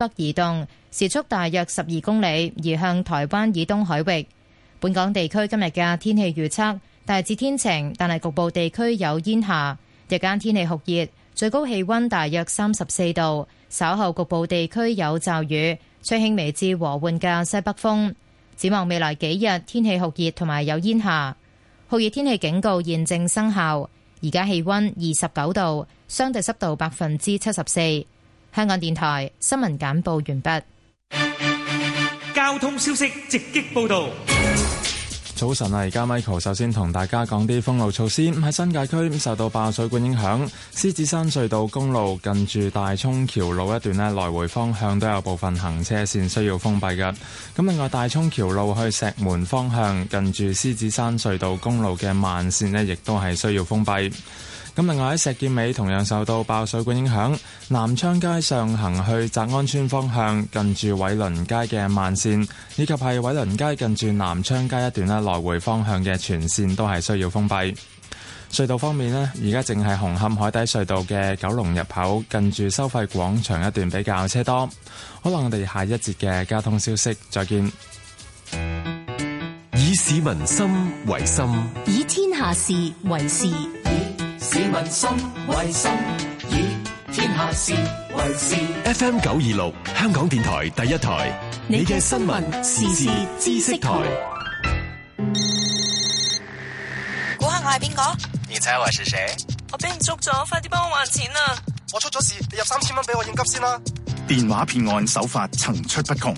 北移動，時速大約十二公里，移向台灣以東海域。本港地區今日嘅天氣預測大致天晴，但係局部地區有煙霞。日間天氣酷熱，最高氣溫大約三十四度。稍後局部地區有驟雨，吹輕微至和緩嘅西北風。展望未來幾日，天氣酷熱同埋有煙霞，酷熱天氣警告現正生效。而家氣溫二十九度，相對濕度百分之七十四。香港電台新聞簡報完畢。交通消息直擊報道。早晨啊，而家 Michael 首先同大家講啲封路措施。喺新界區受到爆水管影響，獅子山隧道公路近住大涌橋路一段呢，來回方向都有部分行車線需要封閉㗎。咁另外，大涌橋路去石門方向，近住獅子山隧道公路嘅慢線呢，亦都係需要封閉。咁另外喺石硤尾同樣受到爆水管影響，南昌街上行去澤安邨方向近住偉倫街嘅慢線，以及係偉倫街近住南昌街一段啦來回方向嘅全線都係需要封閉。隧道方面咧，而家淨係紅磡海底隧道嘅九龍入口近住收費廣場一段比較車多。可能，我哋下一節嘅交通消息再見。以市民心為心，以天下事為事。市民心為心，以天下事為事。FM 九二六，香港電台第一台，你嘅新聞時事知識台。估下我係邊個？你猜我是誰？我俾人捉咗，快啲幫我還錢啊！我出咗事，你入三千蚊俾我應急先啦！電話騙案手法層出不窮，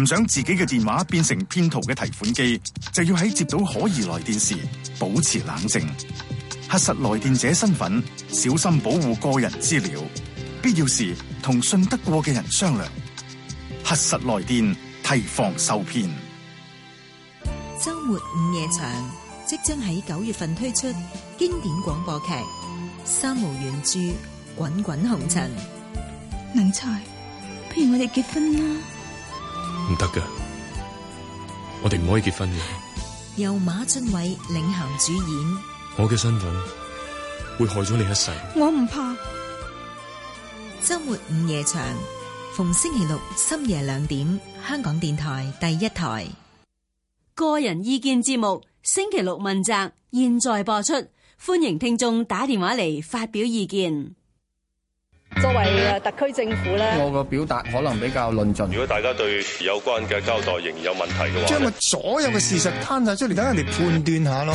唔想自己嘅電話變成騙徒嘅提款機，就要喺接到可疑來電時保持冷靜。核實來電者身份，小心保護個人資料，必要時同信得過嘅人商量。核實來電，提防受騙。周末午夜場即將喺九月份推出經典廣播劇《三毛原著》滾滾，滾滾紅塵。能才，不如我哋結婚啦？唔得㗎，我哋唔可以結婚嘅。由馬俊偉領銜主演。我嘅身份會害咗你一世。我唔怕。周末午夜場，逢星期六深夜兩點，香港電台第一台個人意見節目，星期六問責，現在播出，歡迎聽眾打電話嚟發表意見。作為特區政府呢，我嘅表達可能比較論盡。如果大家對有關嘅交代仍然有問題嘅話，將我所有嘅事實攤晒出嚟，等人哋判斷下咯。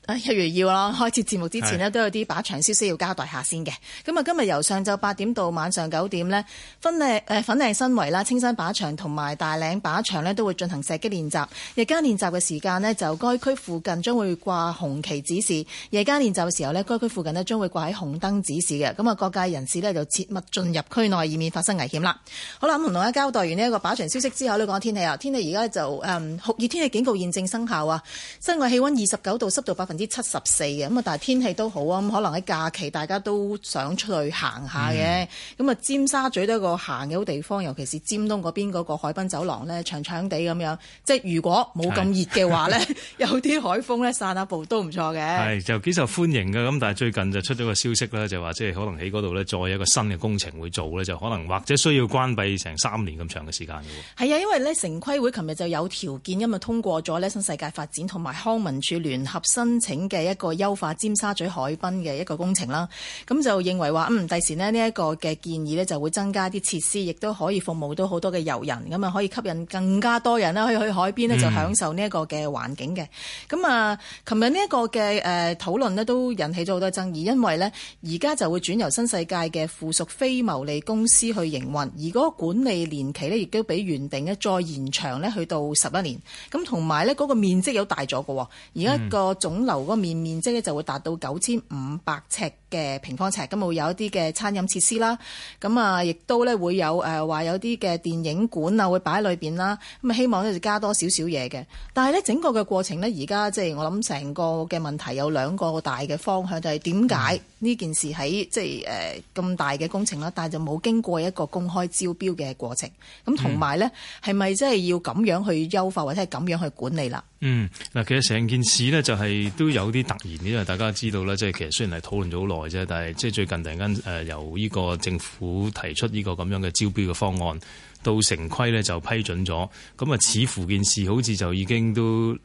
一、啊、如要啦，開始節目之前呢，是都有啲靶場消息要交代下先嘅。咁啊，今日由上晝八點到晚上九點呢，粉嶺誒粉嶺新圍啦、青山靶場同埋大嶺靶場呢，都會進行射擊練習。日間練習嘅時間呢，就該區附近將會掛紅旗指示；夜間練習嘅時候呢，該區附近呢，將會掛喺紅燈指示嘅。咁啊，各界人士呢，就切勿進入區內，以免發生危險啦。好啦，咁同大家交代完呢一個靶場消息之後，呢講天氣啊，天氣而家就誒酷熱天氣警告現正生效啊！室外氣溫二十九度，濕度百分之七十四嘅咁啊，74，但係天氣都好啊，咁可能喺假期大家都想出去行下嘅。咁啊、嗯，尖沙咀都係一個行嘅好地方，尤其是尖東嗰邊嗰個海濱走廊咧，長長地咁樣。即係如果冇咁熱嘅話咧，是 有啲海風咧，散下步都唔錯嘅。係就幾受歡迎嘅。咁但係最近就出咗個消息咧，就話即係可能喺嗰度咧，再有一個新嘅工程會做咧，就可能或者需要關閉成三年咁長嘅時間嘅。係啊，因為咧城規會琴日就有條件因為通過咗呢新世界發展同埋康文署聯合新請嘅一個優化尖沙咀海濱嘅一個工程啦，咁就認為話，嗯，第時呢，呢一個嘅建議呢，就會增加啲設施，亦都可以服務到好多嘅遊人，咁啊可以吸引更加多人啦，可以去海邊呢，就享受呢一個嘅環境嘅。咁啊、嗯，琴日呢一個嘅誒、呃、討論呢，都引起咗好多爭議，因為呢，而家就會轉由新世界嘅附屬非牟利公司去營運，而嗰個管理年期呢，亦都比原定呢再延長呢，去到十一年，咁同埋呢嗰、嗰個、面積有大咗嘅，而家個總樓面面積咧就會達到九千五百尺嘅平方尺，咁啊會有一啲嘅餐飲設施啦，咁啊亦都咧會有誒話有啲嘅電影館啊會擺喺裏邊啦，咁啊希望咧就加多少少嘢嘅。但係咧整個嘅過程呢，而家即係我諗成個嘅問題有兩個大嘅方向，就係點解呢件事喺即係誒咁大嘅工程啦，但係就冇經過一個公開招標嘅過程，咁同埋咧係咪真係要咁樣去優化或者係咁樣去管理啦？嗯，嗱，其實成件事呢就係、是。嗯都有啲突然，因為大家知道咧，即係其實雖然係討論咗好耐啫，但係即係最近突然間誒、呃、由呢個政府提出呢個咁樣嘅招標嘅方案，到城規咧就批准咗，咁啊似乎件事好似就已經都。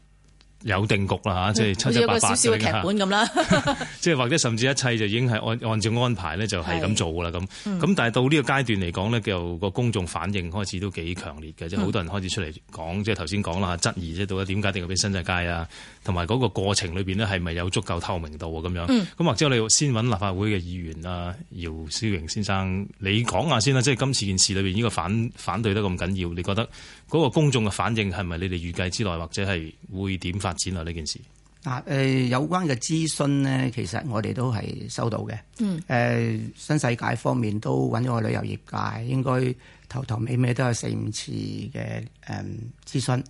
有定局啦嚇，即係、嗯、七七八八小劇本咁啦，即係 或者甚至一切就已經係按按照安排咧，就係咁做噶啦咁。咁但係到呢個階段嚟講呢，就個公眾反應開始都幾強烈嘅，即係好多人開始出嚟講，即係頭先講啦，質疑即係到底點解定係俾新世界街啊？同埋嗰個過程裏邊呢，係咪有足夠透明度啊？咁樣咁或者我哋先揾立法會嘅議員啊，姚思榮先生，你講下先啦，即係今次件事裏邊呢個反反對得咁緊要，你覺得？嗰個公眾嘅反應係咪你哋預計之內，或者係會點發展啊？呢件事嗱，誒、呃、有關嘅諮詢呢，其實我哋都係收到嘅。嗯，誒、呃、新世界方面都揾咗個旅遊業界，應該頭頭尾尾都有四五次嘅誒、嗯、諮詢，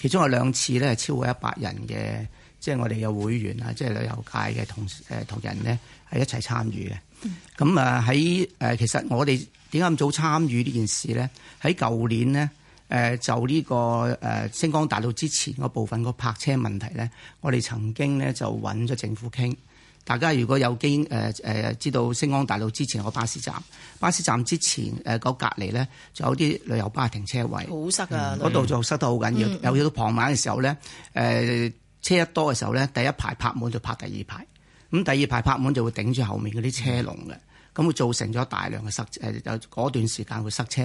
其中有兩次咧係超過一百人嘅，即、就、係、是、我哋有會員啊，即、就、係、是、旅遊界嘅同誒、呃、同人咧係一齊參與嘅。咁啊喺誒，其實我哋點解咁早參與呢件事呢？喺舊年呢。誒、呃、就呢、個誒、呃、星光大道之前嗰部分個泊車問題咧，我哋曾經咧就揾咗政府傾。大家如果有經誒、呃、知道星光大道之前個巴士站，巴士站之前誒嗰隔離咧，仲、呃、有啲旅遊巴停車位，好塞啊！嗰度就塞得好緊要，尤其到傍晚嘅時候咧，誒、呃、車一多嘅時候咧，第一排泊滿就泊第二排，咁第二排泊滿就會頂住後面嗰啲車龍嘅，咁會造成咗大量嘅塞嗰、呃、段時間會塞車。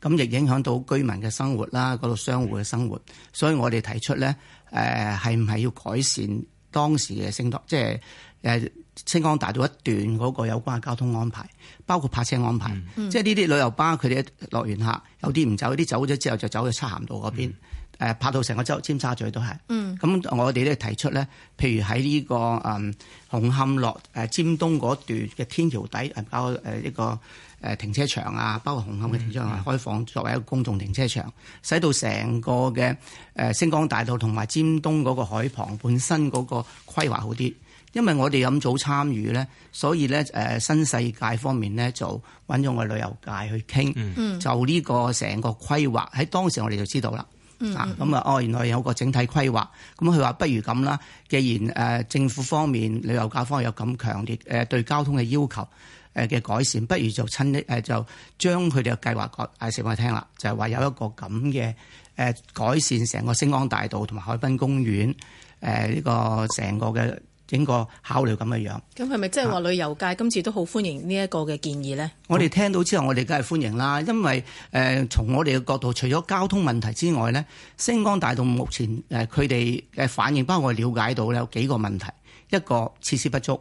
咁亦影響到居民嘅生活啦，嗰度商戶嘅生活，生活嗯、所以我哋提出咧，誒係唔係要改善當時嘅星光，即係誒星光大道一段嗰個有關嘅交通安排，包括泊車安排，嗯嗯、即係呢啲旅遊巴佢哋一落完客，有啲唔走，有啲走咗之後就走去漆鹹道嗰邊，誒、嗯、泊到成個洲尖沙咀都係。咁、嗯、我哋咧提出咧，譬如喺呢、這個誒、嗯、紅磡落誒、呃、尖東嗰段嘅天橋底，包誒呢個。誒、呃、停車場啊，包括紅磡嘅停車場、嗯嗯、開放作為一個公共停車場，使到成個嘅誒、呃、星光大道同埋尖東嗰個海旁本身嗰個規劃好啲。因為我哋咁早參與咧，所以咧誒、呃、新世界方面咧就搵咗我哋旅遊界去傾，嗯、就呢個成個規劃喺當時我哋就知道啦。啊、嗯，咁、嗯、啊，哦，原來有個整體規劃。咁佢話不如咁啦，既然誒、呃、政府方面旅遊界方面有咁強烈誒、呃、對交通嘅要求。誒嘅改善，不如就親一誒就將佢哋嘅計劃講畀市民聽啦，就係話有一個咁嘅誒改善，成個星光大道同埋海濱公園誒呢個成個嘅整個考慮咁嘅樣。咁係咪即係話旅遊界今次都好歡迎呢一個嘅建議咧？是我哋聽到之後，我哋梗係歡迎啦，因為誒從我哋嘅角度，除咗交通問題之外咧，星光大道目前誒佢哋嘅反應，包括我了解到咧，有幾個問題，一個設施不足，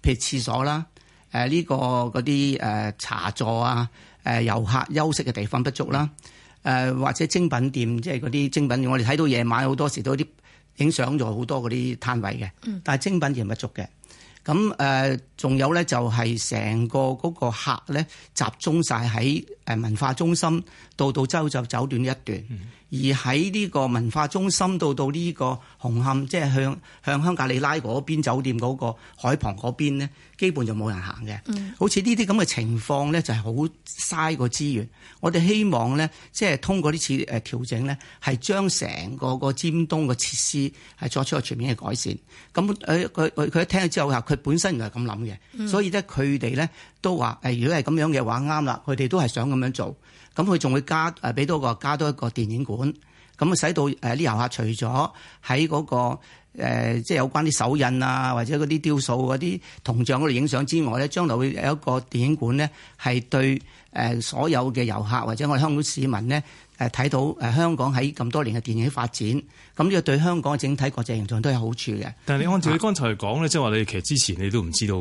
譬如廁所啦。誒呢、啊這個嗰啲誒茶座啊，誒、啊、遊客休息嘅地方不足啦、啊。誒、啊、或者精品店，即係嗰啲精品店，我哋睇到夜晚好多時都啲影相咗好多嗰啲攤位嘅，但係精品店不足嘅。咁誒仲有咧，就係、是、成個嗰個客咧集中晒喺文化中心，到到周就走短一段。嗯而喺呢個文化中心到到呢個紅磡，即係向向香格里拉嗰邊酒店嗰個海旁嗰邊咧，基本就冇人行嘅。嗯。好似呢啲咁嘅情況咧，就係好嘥個資源。我哋希望咧，即係通過呢次誒調整咧，係將成個個尖東嘅設施係作出個全面嘅改善。咁佢佢佢佢一聽咗之後，佢本身原來係咁諗嘅，嗯。所以咧佢哋咧都話：誒，如果係咁樣嘅話，啱啦，佢哋都係想咁樣做。咁佢仲會加誒俾多個加多一個電影館，咁啊使到誒啲遊客除咗喺嗰個、呃、即係有關啲手印啊，或者嗰啲雕塑嗰啲銅像嗰度影相之外咧，將來會有一個電影館咧，係對誒所有嘅遊客或者我哋香港市民呢，誒睇到誒香港喺咁多年嘅電影發展，咁呢個對香港整體國際形象都有好處嘅。但係你按照你剛才講咧，啊、即係話你其實之前你都唔知道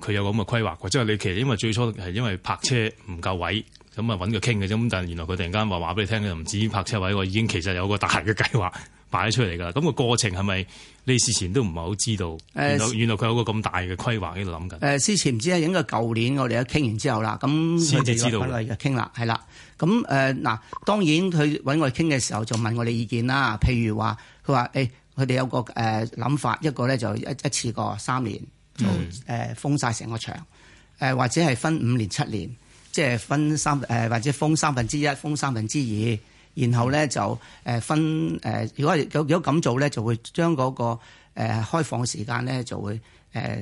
佢有咁嘅規劃，即係你其實因為最初係因為泊車唔夠位。嗯咁啊揾佢傾嘅啫，咁但係原來佢突然間話話俾你聽，嘅，唔止拍車位，我已經其實有個大嘅計劃擺咗出嚟㗎。咁、個過程係咪你事前都唔係好知道？呃、原來佢有個咁大嘅規劃喺度諗緊。誒、呃，事前唔知啊，應該舊年我哋一傾完之後啦，咁先至知道嘅傾啦，係啦。咁誒嗱，當然佢揾我傾嘅時候就問我哋意見啦。譬如話，佢話誒，佢、欸、哋有個誒諗、呃、法，一個咧就一一次過三年就誒、嗯呃、封晒成個場，誒、呃、或者係分五年七年。即係分三分，或者封三分之一，封三分之二，然後咧就誒分誒，如果係，如果咁做咧，就會將嗰、那個誒、呃、開放時間咧就會誒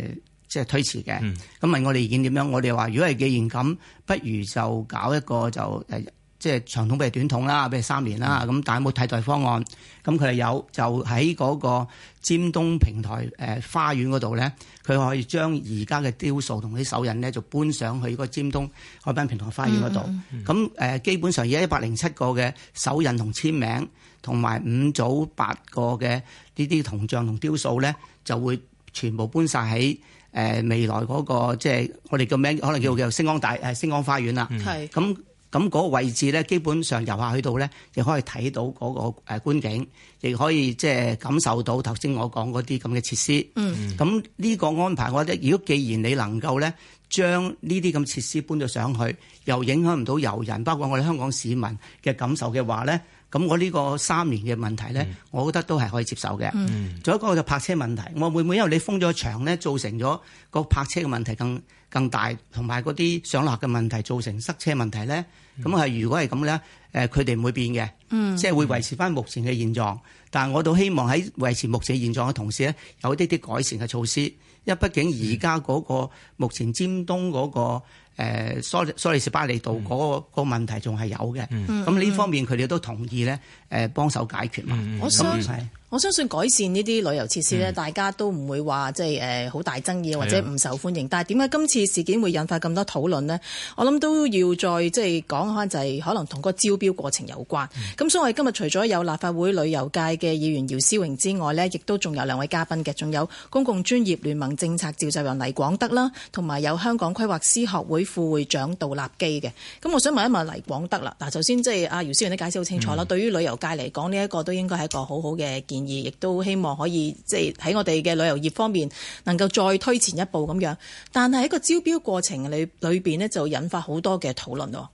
即係推遲嘅。咁、嗯、問我哋意見點樣？我哋話如果係既然咁，不如就搞一個就誒。呃即係長筒，比如短筒啦，比如三年啦，咁但係冇替代方案。咁佢哋有，就喺嗰個尖東平台、呃、花園嗰度咧，佢可以將而家嘅雕塑同啲手印咧，就搬上去嗰個尖東海濱平台花園嗰度。咁、嗯嗯呃、基本上而家一百零七個嘅手印同簽名，同埋五組八個嘅呢啲銅像同雕塑咧，就會全部搬晒喺、呃、未來嗰、嗰個即係我哋嘅名，可能叫叫星光大誒、嗯啊、星光花園啦。咁、嗯。咁嗰個位置咧，基本上遊客去到咧，亦可以睇到嗰個誒觀景，亦可以即係感受到頭先我講嗰啲咁嘅設施。嗯，咁呢個安排，我覺得如果既然你能夠咧，將呢啲咁設施搬咗上去，又影響唔到遊人，包括我哋香港市民嘅感受嘅話咧。咁我呢個三年嘅問題咧，嗯、我覺得都係可以接受嘅。仲、嗯、有一個就泊車問題，我會唔會因為你封咗場咧，造成咗個泊車嘅問題更更大，同埋嗰啲上落嘅問題造成塞車問題咧？咁係、嗯、如果係咁咧，誒佢哋唔會變嘅，即、就、係、係、會維持翻目前嘅現狀。但我都希望喺維持目前現狀嘅、嗯嗯、同時咧，有啲啲改善嘅措施，因為畢竟而家嗰個目前尖東嗰、嗰個。誒，梳士巴利道嗰個問題仲係有嘅，咁呢、嗯、方面佢哋都同意咧，誒，幫手解決嘛，咁係。我相信改善呢啲旅遊設施咧，嗯、大家都唔會話即係誒好大爭議或者唔受歡迎。的但係點解今次事件會引發咁多討論咧？我諗都要再即係講開，就係、是就是、可能同個招標過程有關，咁、嗯、所以我哋今日除咗有立法會旅遊界嘅議員姚思榮之外咧，亦都仲有兩位嘉賓嘅，仲有公共專業聯盟政策召集人黎廣德啦，同埋有,有香港規劃師學會副會長杜立基嘅。咁我想問一問黎廣德啦，嗱首先即係阿姚思榮都解釋好清楚啦，嗯、對於旅遊界嚟講呢一個都應該係一個好好嘅建議。而亦都希望可以即係喺我哋嘅旅遊業方面，能夠再推前一步咁樣。但係喺個招標過程裏裏邊咧，就引發好多嘅討論咯。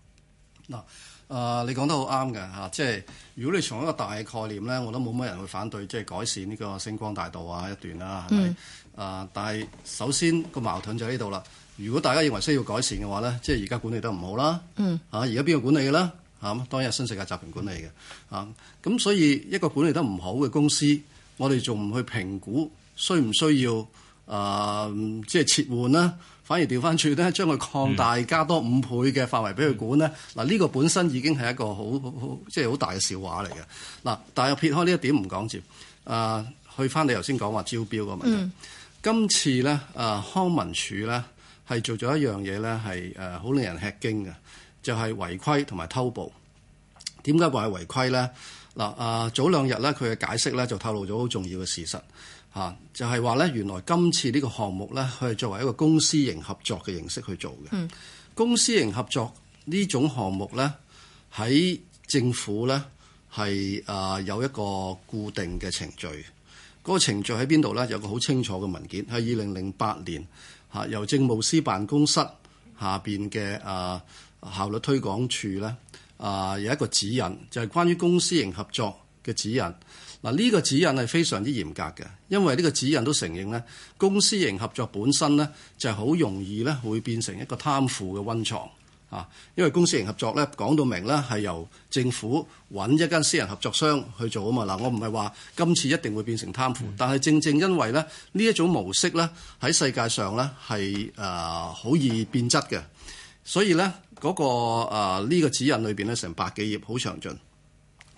嗱，誒，你講得好啱嘅吓，即係如果你從一個大概念呢，我都冇乜人會反對，即係改善呢個星光大道啊一段啦，係咪？啊、嗯，但係、呃、首先個矛盾就喺呢度啦。如果大家認為需要改善嘅話呢，即係而家管理得唔好啦，嗯，吓而家邊個管理嘅啦？嚇，當日是新世界集團管理嘅，嚇，咁所以一個管理得唔好嘅公司，我哋仲唔去評估需唔需要啊、呃，即係撤換啦，反而調翻轉咧，將佢擴大加多五倍嘅範圍俾佢管咧。嗱、嗯，呢個本身已經係一個好好即係好大嘅笑話嚟嘅。嗱，但係撇開呢一點唔講接啊，去翻你頭先講話招標嘅問題。嗯、今次咧，啊、呃、康文署咧，係做咗一樣嘢咧，係誒好令人吃驚嘅。就係違規同埋偷步，點解話係違規呢？嗱，啊早兩日呢，佢嘅解釋呢就透露咗好重要嘅事實嚇，就係話呢，原來今次呢個項目呢，佢係作為一個公私型合作嘅形式去做嘅。嗯、公私型合作呢種項目呢，喺政府呢，係啊有一個固定嘅程序。嗰、那個程序喺邊度呢？有一個好清楚嘅文件，喺二零零八年嚇，由政務司辦公室下邊嘅啊，效率推廣處咧，啊有一個指引，就係、是、關於公私營合作嘅指引。嗱、這、呢個指引係非常之嚴格嘅，因為呢個指引都承認呢公私營合作本身呢就係好容易呢會變成一個貪腐嘅溫床啊。因為公私營合作呢，講到明呢係由政府揾一間私人合作商去做啊嘛。嗱我唔係話今次一定會變成貪腐，但係正正因為呢一種模式呢，喺世界上呢係誒好易變質嘅，所以呢。嗰、那個呢、啊這個指引裏邊咧，成百幾頁，好詳盡，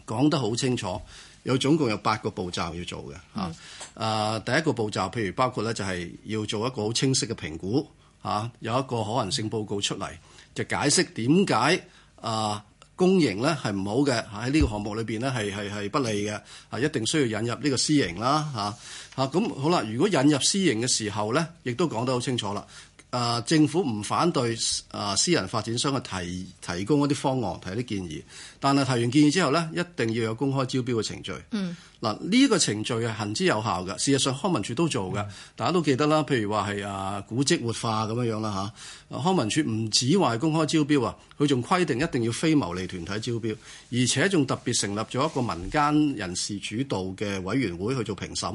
講得好清楚。有總共有八個步驟要做嘅嚇。Mm. 啊，第一個步驟，譬如包括咧，就係要做一個好清晰嘅評估嚇、啊，有一個可能性報告出嚟，就解釋點解啊公營咧係唔好嘅嚇，喺呢個項目裏邊咧係係係不利嘅，係、啊、一定需要引入呢個私營啦嚇嚇。咁、啊啊、好啦，如果引入私營嘅時候咧，亦都講得好清楚啦。啊！政府唔反對啊，私人發展商嘅提提供一啲方案，提一啲建議。但係提完建議之後呢，一定要有公開招標嘅程序。嗯。嗱、啊，呢、呢個程序係行之有效嘅。事實上，康文署都做嘅，嗯、大家都記得啦。譬如話係啊，古蹟活化咁樣樣啦、啊、康文署唔止話係公開招標啊，佢仲規定一定要非牟利團體招標，而且仲特別成立咗一個民間人士主導嘅委員會去做評審。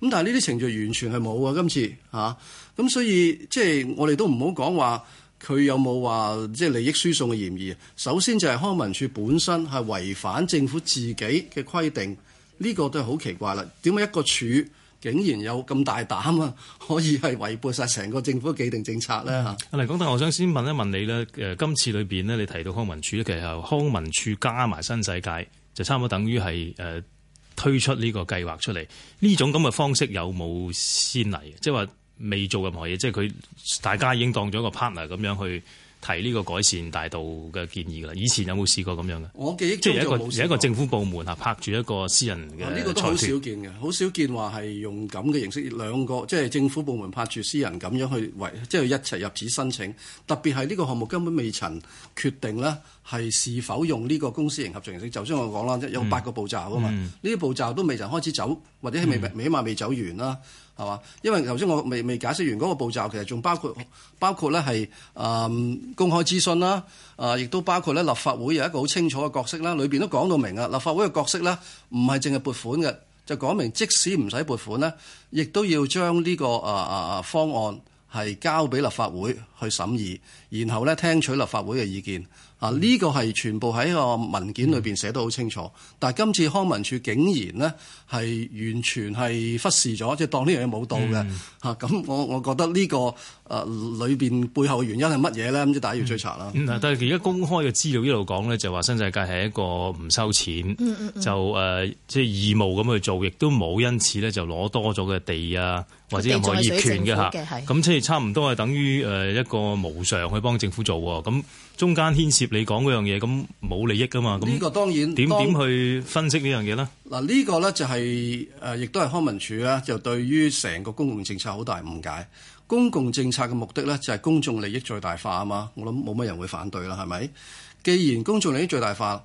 咁但係呢啲程序完全係冇啊！今次、啊咁所以即係我哋都唔好講話，佢有冇話即係利益輸送嘅嫌疑。首先就係康文署本身係違反政府自己嘅規定，呢、這個都係好奇怪啦。點解一個署竟然有咁大膽啊？可以係違背晒成個政府嘅既定政策咧嚇？阿黎講，但我想先問一問你咧，誒、呃，今次裏邊咧，你提到康文署其實康文署加埋新世界，就差唔多等於係誒推出呢個計劃出嚟。呢種咁嘅方式有冇先例？即係話。就是未做任何嘢，即係佢大家已經當咗個 partner 咁樣去提呢個改善大道嘅建議㗎喇。以前有冇試過咁樣嘅？我記憶中有，有一個政府部門啊，拍住一個私人嘅。呢、啊呢個都好少見嘅，好少見話係用咁嘅形式，兩個即係、就是、政府部門拍住私人咁樣去即係、就是、一齊入紙申請。特別係呢個項目根本未曾決定呢係是否用呢個公私營合作形式。頭先我講啦，即係有八個步驟啊嘛，呢啲、嗯、步驟都未曾開始走，或者係未，起碼、嗯、未，未，未，未走完啦。係嘛？因為頭先我未未解釋完嗰個步驟，其實仲包括包括咧係啊公開諮詢啦，啊、呃、亦都包括咧立法會有一個好清楚嘅角色啦，裏面都講到明啊，立法會嘅角色咧，唔係淨係撥款嘅，就講明即使唔使撥款咧，亦都要將呢、這個啊啊、呃、方案係交俾立法會去審議，然後咧聽取立法會嘅意見。啊！呢個係全部喺一個文件裏邊寫得好清楚，嗯、但係今次康文署竟然呢係完全係忽視咗，即、就、係、是、當呢樣嘢冇到嘅嚇。咁、嗯、我我覺得呢、這個啊裏邊背後原因係乜嘢咧？咁就大家要追查啦、嗯嗯。但係而家公開嘅資料一路講咧，就話新世界係一個唔收錢，嗯嗯、就誒即係義務咁去做，亦都冇因此咧就攞多咗嘅地啊。或者任何業權嘅嚇咁，即係差唔多係等於誒一個無償去幫政府做喎。咁中間牽涉你講嗰樣嘢，咁冇利益噶嘛？咁呢這個當然點點去分析呢樣嘢呢？嗱，呢、這個咧就係、是、誒、呃，亦都係康文署咧，就對於成個公共政策好大誤解。公共政策嘅目的咧就係公眾利益最大化啊嘛。我諗冇乜人會反對啦，係咪？既然公眾利益最大化。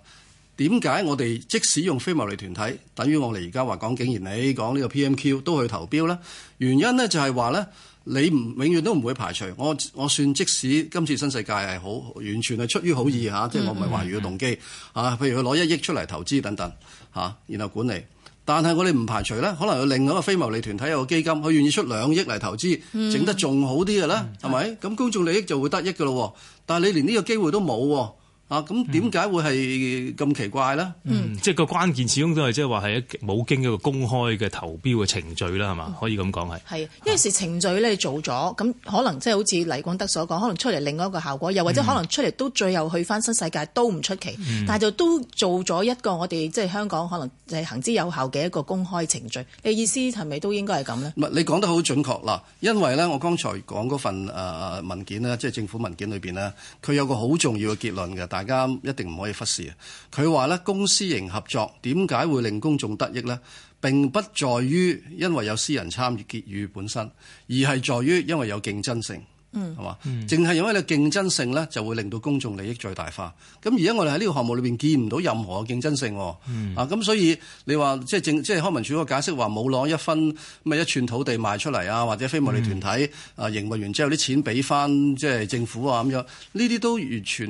點解我哋即使用非牟利團體，等於我哋而家話講竟然你講呢個 PMQ 都去投標呢？原因呢就係話呢，你唔永遠都唔會排除。我我算即使今次新世界係好完全係出於好意嚇、嗯啊，即係我唔係話有動機嚇、嗯啊。譬如佢攞一億出嚟投資等等嚇、啊，然後管理。但係我哋唔排除呢，可能有另外一個非牟利團體有個基金，佢願意出兩億嚟投資，整、嗯、得仲好啲嘅啦，係咪、嗯？咁、嗯、公眾利益就會得益嘅咯。但係你連呢個機會都冇喎。啊，咁點解會係咁奇怪呢？嗯，嗯，即係個關鍵始終都係即係話係冇經一個公開嘅投標嘅程序啦，係嘛？嗯、可以咁講係。係的，因為、嗯、時程序咧做咗，咁可能即係好似黎廣德所講，可能出嚟另外一個效果，又或者可能出嚟都最後去翻新世界、嗯、都唔出奇，嗯、但係就都做咗一個我哋即係香港可能係行之有效嘅一個公開程序。你意思係咪都應該係咁呢？唔係，你講得好準確啦。因為呢，我剛才講嗰份誒文件啦，即、就、係、是、政府文件裏面啦，佢有個好重要嘅結論嘅，但係。大家一定唔可以忽視啊！佢話咧，公私營合作點解會令公眾得益咧？並不在於因為有私人參與結語本身，而係在於因為有競爭性。嗯，係嘛？淨係因為你競爭性咧，就會令到公眾利益最大化。咁而家我哋喺呢個項目裏面見唔到任何嘅競爭性喎。嗯。啊，咁所以你話即係即係康文署個個解釋話冇攞一分咩一寸土地賣出嚟啊，或者非牟利團體、嗯、啊營運完之後啲錢俾翻即係政府啊咁樣，呢啲都完全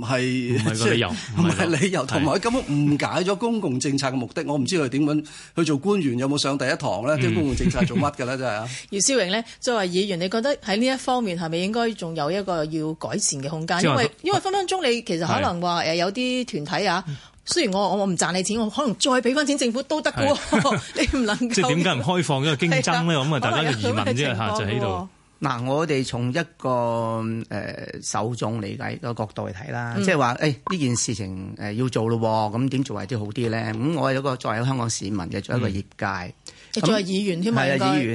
係唔、就是、理由？唔係理由，同埋佢根本誤解咗公共政策嘅目的。的我唔知佢點樣去做官員有冇上第一堂咧？啲、嗯、公共政策做乜嘅咧？真係啊！姚思榮 作為議員你覺得喺呢一方面？係咪應該仲有一個要改善嘅空間？因為因為分分鐘你其實可能話誒有啲團體啊，的雖然我我唔賺你錢，我可能再俾翻錢政府都得嘅喎，的 你唔能夠即係點解唔開放一個競爭咧？咁啊，大家嘅疑問啫嚇，就喺度。嗱，我哋從一個誒、呃、手中理解個角度嚟睇啦，嗯、即係話誒呢件事情誒要做咯，咁點做係啲好啲咧？咁、嗯、我有一個作為香港市民嘅，作為一個,一個業界。嗯仲係那議員添啊，應該係啦嚇，第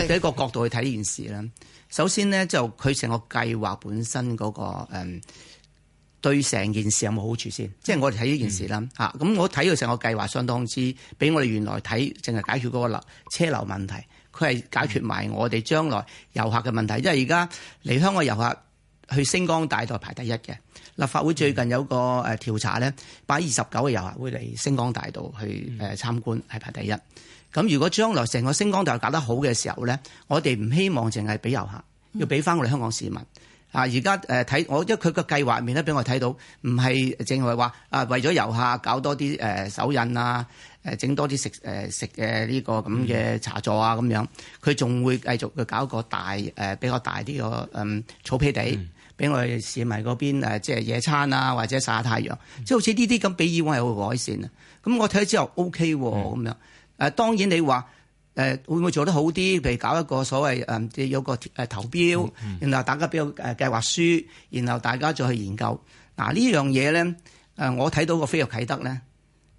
員的一個角度去睇呢件事啦。的首先呢，就佢成個計劃本身嗰、那個誒、嗯，對成件事有冇好處先？即、就、係、是、我哋睇呢件事啦嚇。咁、嗯啊、我睇佢成個計劃相當之，俾我哋原來睇淨係解決嗰個車流問題，佢係解決埋我哋將來遊客嘅問題。因為而家嚟香港遊客去星光大道是排第一嘅。立法會最近有個誒調查呢，百二十九嘅遊客會嚟星光大道去誒參觀，係、嗯、排第一。咁如果將來成個星光大道搞得好嘅時候咧，我哋唔希望淨係俾遊客，要俾翻我哋香港市民。啊，而家誒睇我，因為佢個計劃面咧俾我睇到，唔係淨係話啊為咗遊客搞多啲誒手印啊，誒整多啲食誒食嘅呢個咁嘅茶座啊咁樣，佢仲會繼續去搞個大誒比較大啲個嗯草皮地，俾我哋市民嗰邊誒即係野餐啊或者晒太陽，即係、嗯、好似呢啲咁，比以往會改善啊。咁我睇咗之後，O K 喎咁樣。誒、啊、當然你話誒、呃、會唔會做得好啲？譬如搞一個所謂誒、嗯、有個誒投標，嗯、然後大家俾個誒計劃書，然後大家再去研究嗱呢、啊、樣嘢咧誒，我睇到個飛躍啟德咧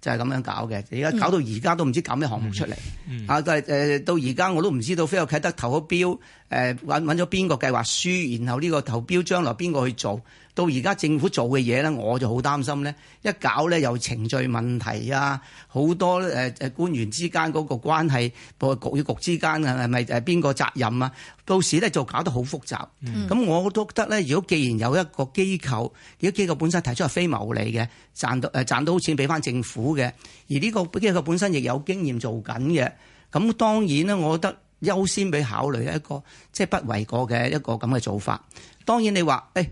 就係、是、咁樣搞嘅。而家搞到而家都唔知道搞咩項目出嚟、嗯嗯、啊！都係誒到而家我都唔知道飛躍啟德投咗標誒揾揾咗邊個計劃書，然後呢個投標將來邊個去做？到而家政府做嘅嘢咧，我就好擔心咧。一搞咧，有程序問題啊，好多誒誒官員之間嗰個關係，局與局之間係咪誒邊個責任啊？到時咧就搞得好複雜。咁、嗯、我都覺得咧，如果既然有一個機構，如果機構本身提出係非牟利嘅，賺到誒賺到錢俾翻政府嘅，而呢個呢個機構本身亦有經驗做緊嘅，咁當然咧，我覺得優先俾考慮一個即係、就是、不為過嘅一個咁嘅做法。當然你話，誒、哎。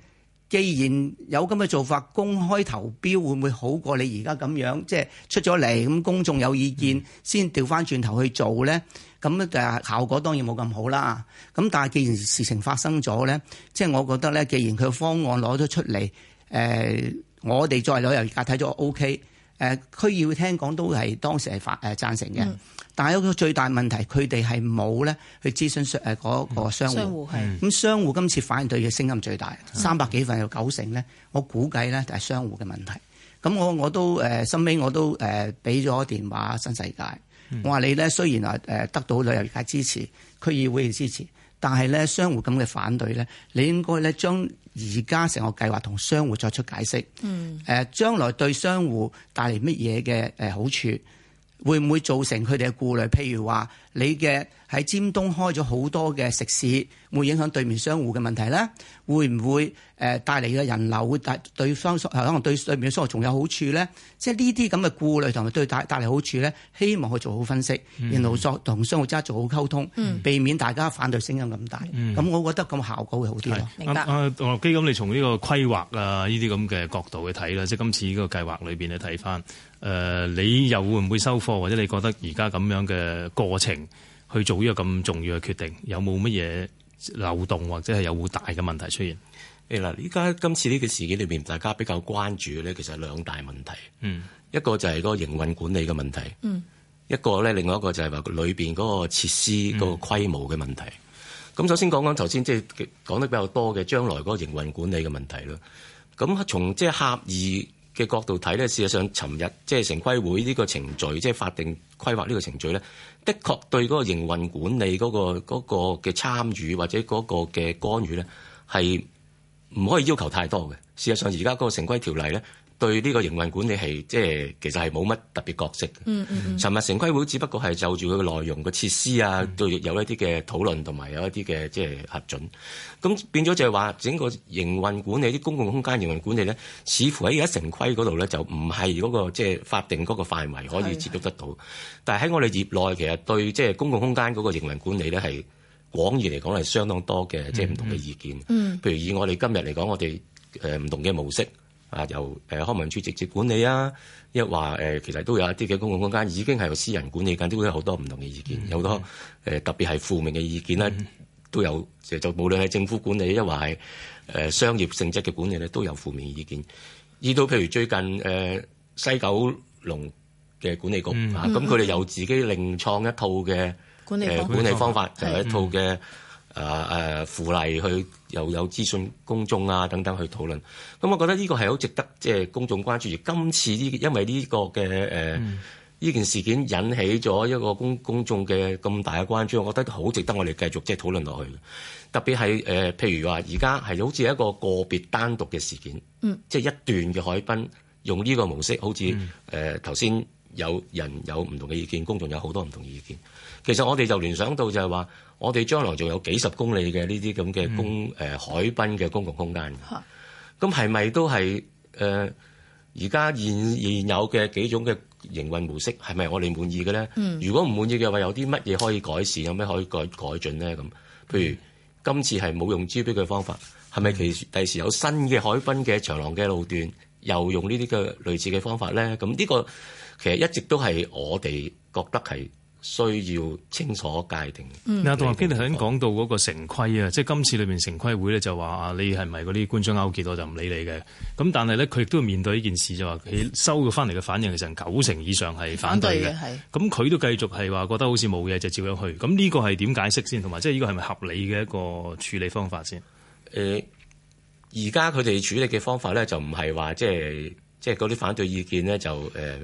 既然有咁嘅做法，公開投標會唔會好過你而家咁樣，即係出咗嚟咁公眾有意見，先調翻轉頭去做咧？咁誒效果當然冇咁好啦。咁但係既然事情發生咗咧，即係我覺得咧，既然佢方案攞咗出嚟，誒我哋作為旅遊業界睇咗 OK。誒區議會聽講都係當時係反誒贊成嘅，嗯、但係有個最大問題，佢哋係冇咧去諮詢商誒嗰個商戶。商戶係咁，嗯、商戶今次反對嘅聲音最大，嗯、三百幾份有九成咧，我估計咧就係商戶嘅問題。咁我我都誒，收尾我都誒俾咗電話新世界，我話你咧雖然啊誒得到旅遊業界支持，區議會嘅支持。但係咧，商戶咁嘅反對咧，你應該咧將而家成個計劃同商戶作出解釋。嗯。誒、啊，將來對商戶帶嚟乜嘢嘅好處，會唔會造成佢哋嘅顧慮？譬如話你嘅。喺尖東開咗好多嘅食肆，會影響對面商戶嘅問題咧？會唔會誒帶嚟嘅人流會帶對方可能對對面嘅商戶仲有好處咧？即係呢啲咁嘅顧慮同埋對帶帶嚟好處咧？希望佢做好分析，然後作同商戶之間做好溝通，避免大家反對聲音咁大。咁、嗯、我覺得咁效果會好啲咯。明白啊，杜、啊、立基，咁你從呢個規劃啊，呢啲咁嘅角度去睇啦，即係今次呢個計劃裏邊去睇翻誒，你又會唔會收貨？或者你覺得而家咁樣嘅過程？去做呢個咁重要嘅決定，有冇乜嘢漏洞或者係有冇大嘅問題出現？誒嗱，依家今次呢個事件裏面，大家比較關注咧，其實係兩大問題，嗯、一個就係嗰個營運管理嘅問題，嗯、一個咧，另外一個就係話裏邊嗰個設施嗰個規模嘅問題。咁、嗯、首先講講頭先即係講得比較多嘅將來嗰個營運管理嘅問題咯。咁從即係、就是、合意。嘅角度睇咧，事實上，尋日即係城規會呢個程序，即係法定規劃呢個程序咧，的確對嗰個營運管理嗰個、嗰個嘅參與或者嗰個嘅干預咧，係唔可以要求太多嘅。事實上，而家嗰個城規條例咧。對呢個營運管理係即係其實係冇乜特別角色，嗯。嗯嗯嗯，尋日城規會只不過係就住佢個內容、個設施啊，嗯、對有一啲嘅討論同埋有一啲嘅即係核准。咁變咗就係話整個營運管理、啲公共空間營運管理咧，似乎喺而家城規嗰度咧就唔係嗰個即係、就是、法定嗰個範圍可以接觸得到。是但係喺我哋業內其實對即係、就是、公共空間嗰個營運管理咧係廣義嚟講係相當多嘅即係唔同嘅意見。嗯嗯、譬如以我哋今日嚟講，我哋誒唔同嘅模式。啊，由誒康、呃、文署直接、接管理啊，一話誒其實都有一啲嘅公共空間已經係由私人管理緊，都有好多唔同嘅意見，嗯、有好多誒、呃、特別係負面嘅意見咧，嗯、都有。其實就無論係政府管理，一話係誒商業性質嘅管理咧，都有負面嘅意見。呢度譬如最近誒、呃、西九龍嘅管理局、嗯、啊，咁佢哋有自己另創一套嘅管、呃、管理方法，就係、是、一套嘅。嗯啊誒、啊、扶勵去又有資訊公眾啊等等去討論，咁、嗯、我覺得呢個係好值得即係、就是、公眾關注。而今次呢因為呢個嘅誒呢件事件引起咗一個公公眾嘅咁大嘅關注，我覺得好值得我哋繼續即係、就是、討論落去。特別係誒、呃、譬如話而家係好似一個個別單獨嘅事件，即係、嗯、一段嘅海濱用呢個模式，好似誒頭先有人有唔同嘅意見，公眾有好多唔同嘅意見。其實我哋就聯想到就係話，我哋將來仲有幾十公里嘅呢啲咁嘅公誒海濱嘅公共空間嘅，咁係咪都係誒而家現現有嘅幾種嘅營運模式，係咪我哋滿意嘅咧？嗯、如果唔滿意嘅話，有啲乜嘢可以改善，有咩可以改改進咧？咁譬如今次係冇用豬鼻嘅方法，係咪、嗯、其第時有新嘅海濱嘅長廊嘅路段又用呢啲嘅類似嘅方法咧？咁呢個其實一直都係我哋覺得係。需要清楚界定。同埋杜立基頭先講到嗰個城規啊，嗯、即係今次裏面城規會咧就話啊，你係咪嗰啲官商勾結，我就唔理你嘅。咁但係咧，佢亦都面對呢件事，就話佢收咗翻嚟嘅反應，其實九成以上係反對嘅。咁佢都繼續係話覺得好似冇嘢，就照樣去。咁呢個係點解釋先？同埋即係呢個係咪合理嘅一個處理方法先？誒、呃，而家佢哋處理嘅方法咧，就唔係話即係即係嗰啲反對意見咧，就、呃、誒。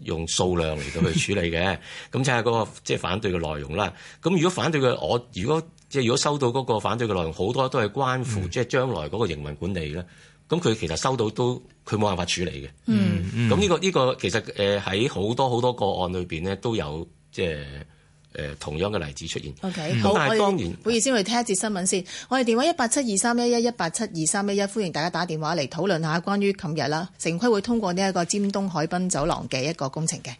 用數量嚟到去處理嘅，咁即係嗰個即係、即係、反對嘅內容啦。咁如果反對嘅我，如果即係如果收到嗰個反對嘅內容，好多都係關乎即係、嗯、將來嗰個營運管理咧。咁佢其實收到都佢冇辦法處理嘅。嗯嗯、呢個。咁呢個呢個其實誒喺好多好多個案裏邊咧都有即係。即係誒同樣嘅例子出現。咁但係當然，好意思我哋聽一節新聞先。我哋電話一八七二三一一一八七二三一一，歡迎大家打電話嚟討論下關於琴日啦，城規會通過呢一個尖東海濱走廊嘅一個工程嘅。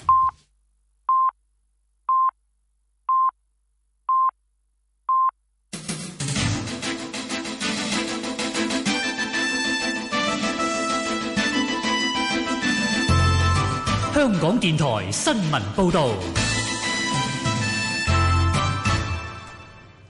香港電台新聞報導。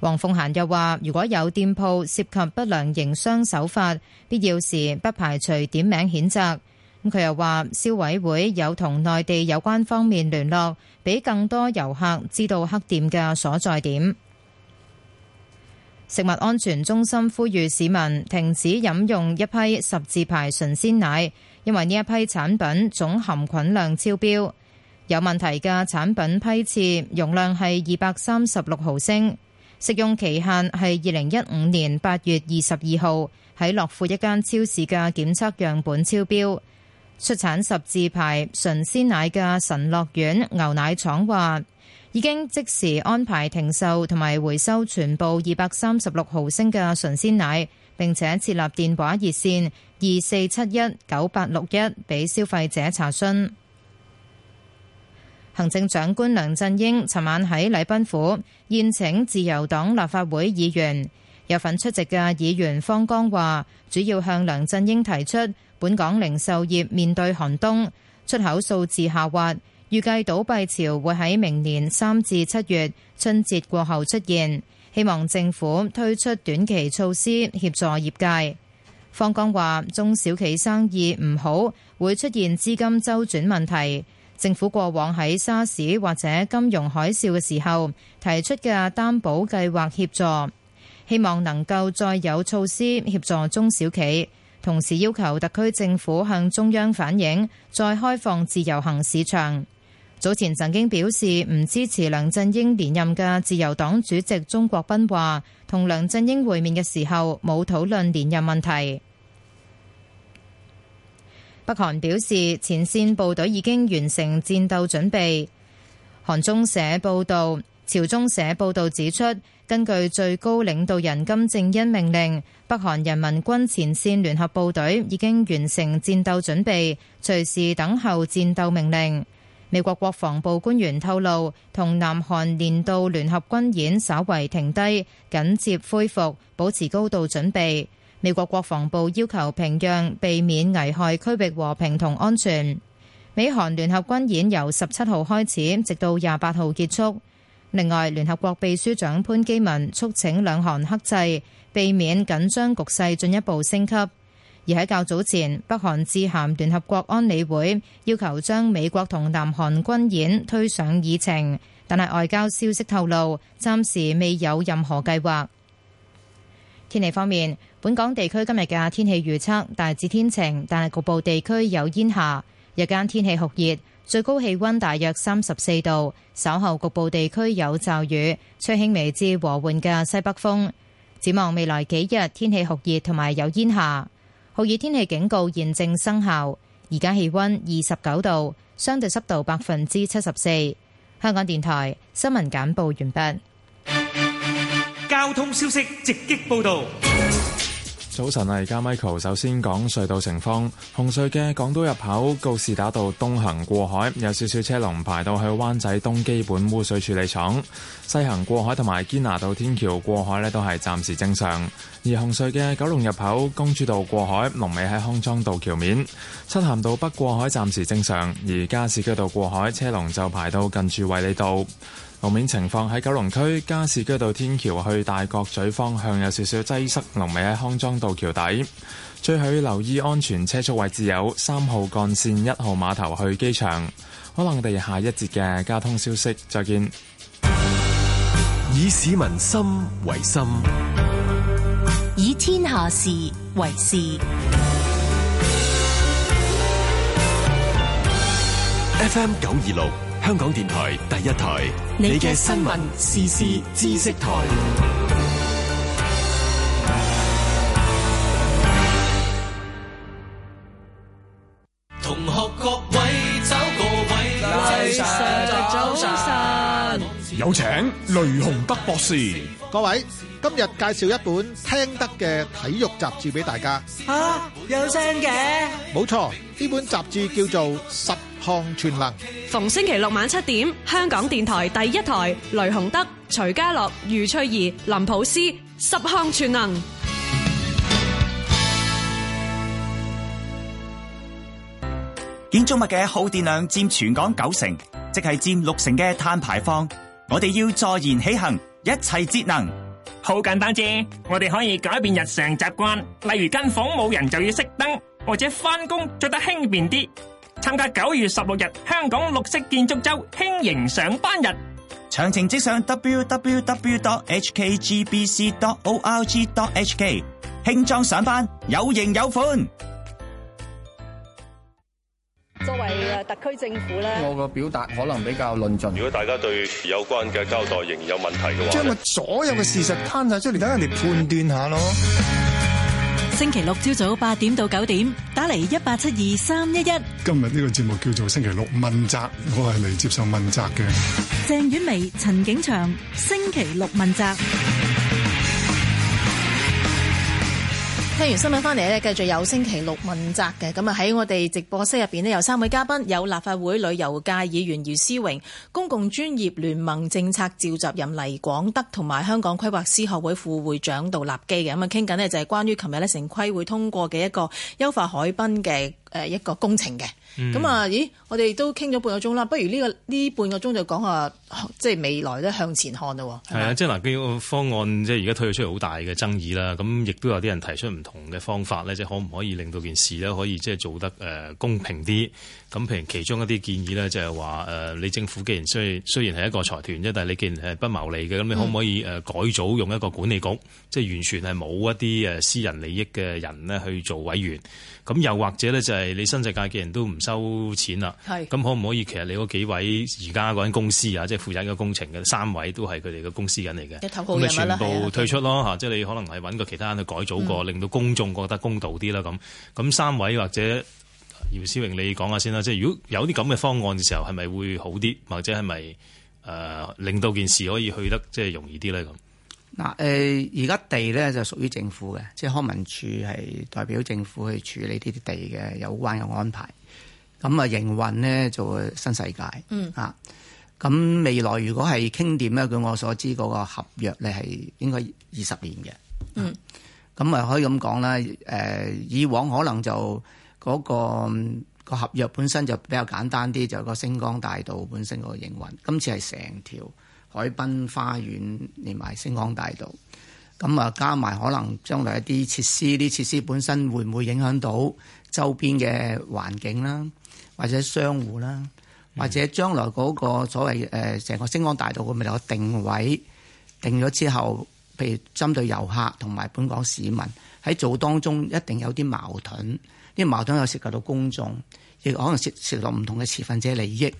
黃鳳嫻又話，如果有店鋪涉及不良營商手法，必要時不排除點名譴責。咁佢又話，消委會有同內地有關方面聯絡，俾更多遊客知道黑店嘅所在點。食物安全中心呼籲市民停止飲用一批十字牌純鮮奶，因為呢一批產品總含菌量超標，有問題嘅產品批次容量係二百三十六毫升。食用期限係二零一五年八月二十二號，喺樂富一間超市嘅檢測樣本超標，出產十字牌純鮮奶嘅神樂院牛奶廠話已經即時安排停售同埋回收全部二百三十六毫升嘅純鮮奶，並且設立電話熱線二四七一九八六一俾消費者查詢。行政長官梁振英尋晚喺禮賓府宴請自由黨立法會議員，有份出席嘅議員方剛話，主要向梁振英提出本港零售業面對寒冬，出口數字下滑，預計倒閉潮會喺明年三至七月春節過後出現，希望政府推出短期措施協助業界。方剛話中小企生意唔好，會出現資金周轉問題。政府過往喺沙士或者金融海嘯嘅時候提出嘅擔保計劃協助，希望能夠再有措施協助中小企，同時要求特區政府向中央反映再開放自由行市場。早前曾經表示唔支持梁振英連任嘅自由黨主席鍾國斌話，同梁振英會面嘅時候冇討論連任問題。北韓表示，前線部隊已經完成戰鬥準備。韓中社報導、朝中社報導指出，根據最高領導人金正恩命令，北韓人民軍前線聯合部隊已經完成戰鬥準備，隨時等候戰鬥命令。美國國防部官員透露，同南韓年度聯合軍演稍為停低，緊接恢復，保持高度準備。美國國防部要求平壤避免危害區域和平同安全。美韓聯合軍演由十七號開始，直到廿八號結束。另外，聯合國秘書長潘基文促請兩韓克制，避免緊張局勢進一步升級。而喺較早前，北韓致函聯合國安理會，要求將美國同南韓軍演推上議程，但係外交消息透露，暫時未有任何計劃。天氣方面，本港地區今日嘅天氣預測大致天晴，但係局部地區有煙霞。日間天氣酷熱，最高氣溫大約三十四度。稍後局部地區有驟雨，吹輕微至和緩嘅西北風。展望未來幾日，天氣酷熱同埋有煙霞。酷熱天氣警告現正生效。而家氣溫二十九度，相對濕度百分之七十四。香港電台新聞簡報完畢。交通消息，直擊報道。早晨啊，而家 Michael 首先講隧道情況。紅隧嘅港島入口告士打道東行過海有少少車龍排到去灣仔東基本污水處理廠，西行過海同埋堅拿道天橋過海呢都係暫時正常。而紅隧嘅九龍入口公主道過海龍尾喺康莊道橋面，漆咸道北過海暫時正常，而加士居道過海車龍就排到近住衛理道。路面情況喺九龍區加士居道天橋去大角咀方向有少少擠塞，龍尾喺康莊道橋底。最後留意安全車速位置有三號幹線一號碼頭去機場。可能我哋下一節嘅交通消息，再見。以市民心為心，以天下事為事。F M 九二六。 香港電台第一台，你嘅新聞時事知識台。同學各位，早晨，早晨，早晨。有請雷洪德博士。各位，今日介紹一本聽得嘅體育雜誌俾大家。吓，有聲嘅。冇錯，呢本雜誌叫做《十》。十項全能，逢星期六晚七點，香港電台第一台，雷洪德、徐家樂、余翠怡、林普斯，十項全能。建築物嘅耗電量占全港九成，即係佔六成嘅碳排放。我哋要坐言起行，一切節能，好簡單啫。我哋可以改變日常習慣，例如間房冇人就要熄燈，或者翻工着得輕便啲。參加九月十六日香港綠色建築周輕盈上班日，詳情即上 www.hkgbc.org.hk，輕裝上班有型有款。作為誒特區政府咧，我個表達可能比較論盡。如果大家對有關嘅交代仍然有問題嘅話，將佢所有嘅事實攤晒出嚟，等、嗯、人哋判斷下咯。星期六朝早八點到九點，打嚟，一八七二三一一。今日呢個節目叫做星期六問責，我係嚟接受問責嘅。鄭婉薇、陳景祥，星期六問責。聽完新聞翻嚟，呢繼續有星期六問責嘅，咁啊喺我哋直播室入邊呢，有三位嘉賓，有立法會旅遊界議員姚思榮，公共專業聯盟政策召集人黎廣德，同埋香港規劃師學會副會長杜立基嘅，咁啊傾緊呢就係關於琴日呢城規會通過嘅一個優化海濱嘅。誒一個工程嘅，咁啊、嗯，咦，我哋都傾咗半個鐘啦，不如呢個呢半個鐘就講下即係未來咧向前看咯，係啊，即係嗱，個方案即係而家推出出嚟好大嘅爭議啦，咁亦都有啲人提出唔同嘅方法咧，即係可唔可以令到件事咧可以即係做得誒公平啲？咁譬如其中一啲建議咧，就係話誒，你政府既然雖雖然係一個財團啫，但係你既然係不牟利嘅，咁、嗯、你可唔可以誒改組用一個管理局，即、就、係、是、完全係冇一啲誒私人利益嘅人咧去做委員？咁又或者咧，就係、是、你新世界既然都唔收錢啦，咁是可唔可以其實你嗰幾位而家嗰間公司啊，即係負責嘅工程嘅三位都係佢哋嘅公司人嚟嘅，咁你全部退出咯的了即係你可能係揾個其他人去改組過，嗯、令到公眾覺得公道啲啦咁。咁三位或者。姚思榮，你講下先啦，即係如果有啲咁嘅方案嘅時候，係咪會好啲，或者係咪誒令到件事可以去得即係容易啲咧？咁嗱，誒而家地咧就屬於政府嘅，即係康文署係代表政府去處理呢啲地嘅有關嘅安排。咁啊營運咧就新世界，嗯啊，咁未來如果係傾掂咧，據我所知嗰、嗰個合約咧係應該二十年嘅，嗯，咁啊、嗯、可以咁講啦。誒以往可能就。嗰個個合約本身就比較簡單啲，就係、個星光大道本身個營運。今次係成條海濱花園連埋星光大道，咁啊加埋可能將來一啲設施，啲設施本身會唔會影響到周邊嘅環境啦，或者商戶啦，嗯、或者將來嗰個所謂成個星光大道嘅未來定位定咗之後，譬如針對遊客同埋本港市民喺做當中一定有啲矛盾。啲矛盾又涉及到公眾，亦可能涉涉及唔同嘅持份者利益。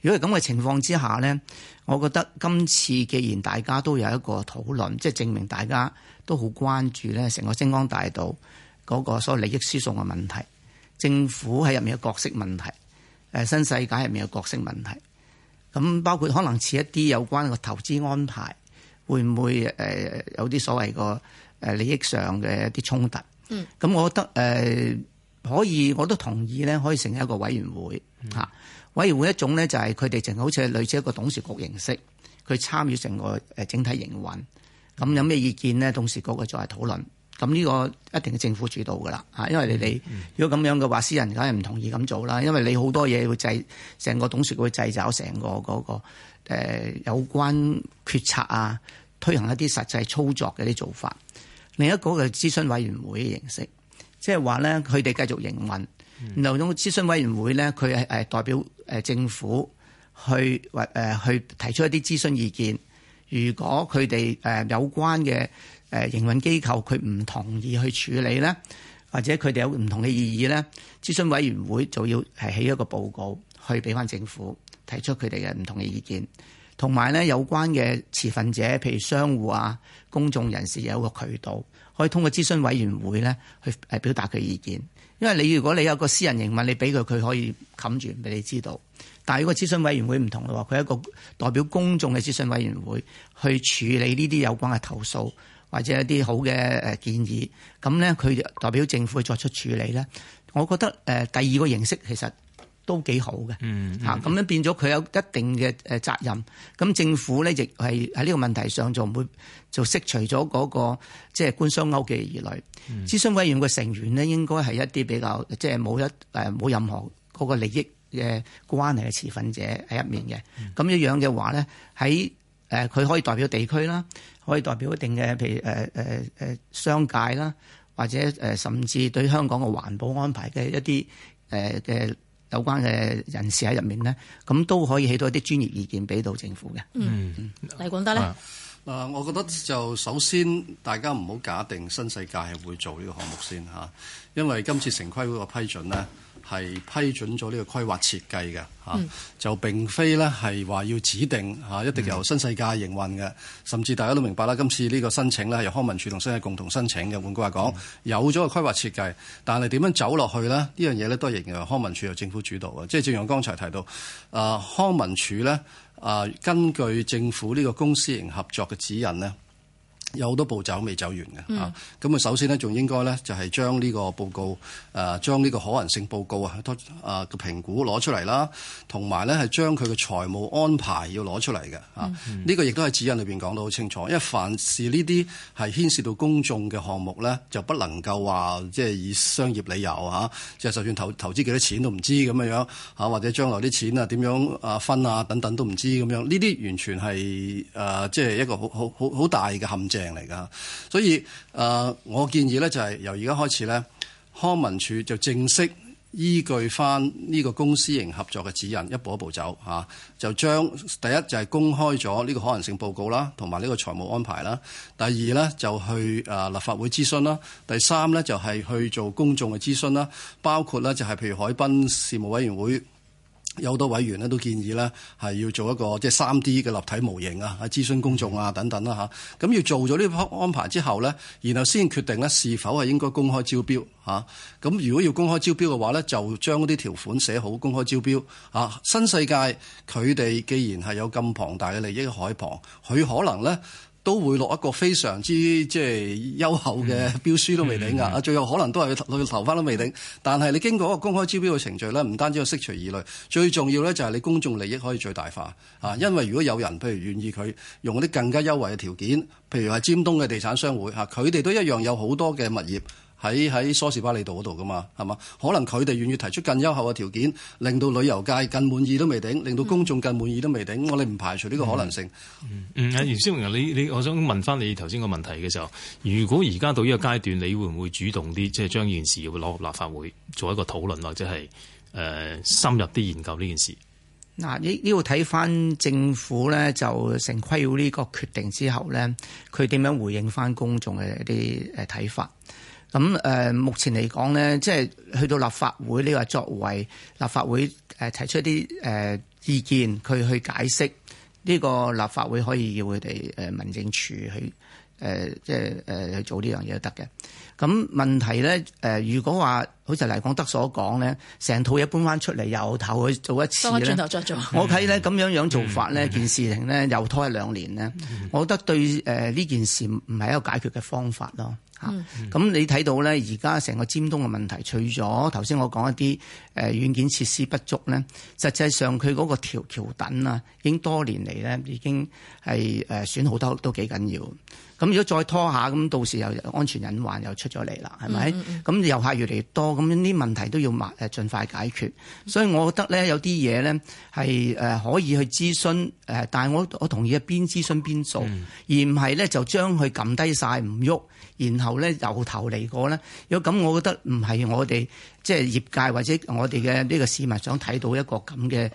如果係咁嘅情況之下咧，我覺得今次既然大家都有一個討論，即係證明大家都好關注咧成個星光大道嗰個所謂利益輸送嘅問題，政府喺入面嘅角色問題，誒新世界入面嘅角色問題，咁包括可能似一啲有關個投資安排，會唔會誒有啲所謂個誒利益上嘅一啲衝突？嗯，咁我覺得誒。呃可以，我都同意咧，可以成立一個委員會吓、嗯、委員會一種咧就係佢哋淨好似係類似一個董事局形式，佢參與成個誒整體營運，咁有咩意見咧？董事局嘅再為討論，咁呢個一定係政府主導噶啦吓，因為你你、嗯、如果咁樣嘅話，私人梗係唔同意咁做啦。因為你好多嘢會制成個董事會制找成個嗰、嗰個、呃、有關決策啊，推行一啲實際操作嘅啲做法。另一個嘅諮詢委員會嘅形式。即係話咧，佢哋繼續營運，然後種諮詢委員會咧，佢係誒代表誒政府去或誒去提出一啲諮詢意見。如果佢哋誒有關嘅誒營運機構佢唔同意去處理咧，或者佢哋有唔同嘅意義咧，諮詢委員會就要係起一個報告去俾翻政府提出佢哋嘅唔同嘅意見，同埋咧有關嘅持份者，譬如商戶啊、公眾人士有一個渠道。可以通過諮詢委員會咧去誒表達佢意見，因為你如果你有個私人人物，你俾佢佢可以冚住唔俾你知道，但係如果諮詢委員會唔同嘅話，佢係一個代表公眾嘅諮詢委員會去處理呢啲有關嘅投訴或者一啲好嘅誒建議，咁咧佢代表政府去作出處理咧，我覺得誒第二個形式其實。都幾好嘅嚇，咁樣，嗯嗯，變咗佢有一定嘅誒責任。咁政府咧亦係喺呢個問題上就唔會就釋除咗嗰個即係官商勾結嘅疑慮，諮詢委員嘅成員咧，應該係一啲比較即係冇一誒冇任何嗰個利益嘅關係嘅持份者喺入面嘅。咁一、嗯、樣嘅話咧，喺誒佢可以代表地區啦，可以代表一定嘅，譬如誒誒誒商界啦，或者誒甚至對香港嘅環保安排嘅一啲誒嘅。呃有關嘅人士喺入面呢，咁都可以起到一啲專業意見俾到政府嘅。嗯，黎、嗯、廣德咧，啊的、呃，我覺得就首先大家唔好假定新世界係會做呢個項目先嚇、啊，因為今次城規會個批准呢。係批准咗呢個規劃設計嘅就並非呢係話要指定一定由新世界營運嘅，嗯、甚至大家都明白啦。今次呢個申請咧，由康文署同新世界共同申請嘅。換句話講，嗯、有咗個規劃設計，但係點樣走落去呢？呢樣嘢呢，都係仍然由康文署由政府主導嘅，即係正如我剛才提到，呃、康文署呢、呃，根據政府呢個公私營合作嘅指引呢。有好多步驟未走完嘅吓，咁啊首先咧，仲應該咧就係將呢個報告誒將呢個可行性報告啊，個評估攞出嚟啦，同埋咧係將佢嘅財務安排要攞出嚟嘅嚇，呢個、嗯、亦都係指引裏邊講到好清楚，因為凡是呢啲係牽涉到公眾嘅項目咧，就不能夠話即係以商業理由嚇，即係就算投投資幾多錢都唔知咁樣吓，或者將來啲錢啊點樣啊分啊等等都唔知咁樣，呢啲完全係誒即係一個好好好好大嘅陷阱嚟噶，所以誒，我建議咧就係由而家開始咧，康文署就正式依據翻呢個公司營合作嘅指引，一步一步走吓，就將第一就係公開咗呢個可能性報告啦，同埋呢個財務安排啦，第二咧就去誒立法會諮詢啦，第三咧就係去做公眾嘅諮詢啦，包括咧就係譬如海濱事務委員會。有好多委員咧都建議咧，係要做一個即係三 D 嘅立體模型啊，諮詢公眾啊等等啦嚇。咁要做咗呢個安排之後咧，然後先決定咧是否係應該公開招標嚇。咁如果要公開招標嘅話咧，就將嗰啲條款寫好公開招標嚇。新世界佢哋既然係有咁龐大嘅利益海旁，佢可能咧。都會落一個非常之即係優厚嘅標書都未領啊，嗯嗯嗯、最後可能都係去投翻都未定，但係你經過一個公開招標嘅程序呢，唔單止係釋除疑慮，最重要呢就係你公眾利益可以最大化啊！因為如果有人譬如願意佢用啲更加優惠嘅條件，譬如話尖東嘅地產商會嚇，佢、啊、哋都一樣有好多嘅物業。喺喺梳士巴利道嗰度噶嘛，係嘛？可能佢哋願意提出更優厚嘅條件，令到旅遊界更滿意都未頂，令到公眾更滿意都未頂。我哋唔排除呢個可能性。嗯，阿姚思榮，你你我想問翻你頭先個問題嘅時候，如果而家到呢個階段，你會唔會主動啲，即、就、係、是、將呢件事會攞入立法會做一個討論，或者係誒、呃、深入啲研究呢件事？嗱、嗯，呢呢度睇翻政府咧，就城規會呢個決定之後咧，佢點樣回應翻公眾嘅一啲誒睇法？咁誒，目前嚟講咧，即係去到立法會，你話作為立法會誒提出一啲誒意見，佢去解釋呢個立法會可以要佢哋誒民政處去誒，即係誒去做呢樣嘢都得嘅。咁問題咧誒，如果話好似黎廣德所講咧，成套嘢搬翻出嚟，由頭去做一次咧，翻轉頭再做。我睇咧咁樣樣做法咧，嗯、件事情咧，又拖咗一兩年咧，嗯、我覺得對誒呢件事唔係一個解決嘅方法咯。咁、嗯、你睇到咧，而家成個尖東嘅問題，除咗頭先我講一啲誒、呃、軟件設施不足咧，實際上佢嗰個條橋等啊，已經多年嚟咧已經係誒損好多，呃、都幾緊要。咁如果再拖下，咁到時又安全隱患又出咗嚟啦，係咪？咁遊、嗯嗯嗯、客越嚟越多，咁啲問題都要麻誒盡快解決。所以我覺得咧，有啲嘢咧係誒可以去諮詢誒，但係我我同意啊，邊諮詢邊做，嗯、而唔係咧就將佢撳低晒唔喐。然後咧由頭嚟過咧，如果咁，我覺得唔係我哋即係業界或者我哋嘅呢個市民想睇到一個咁嘅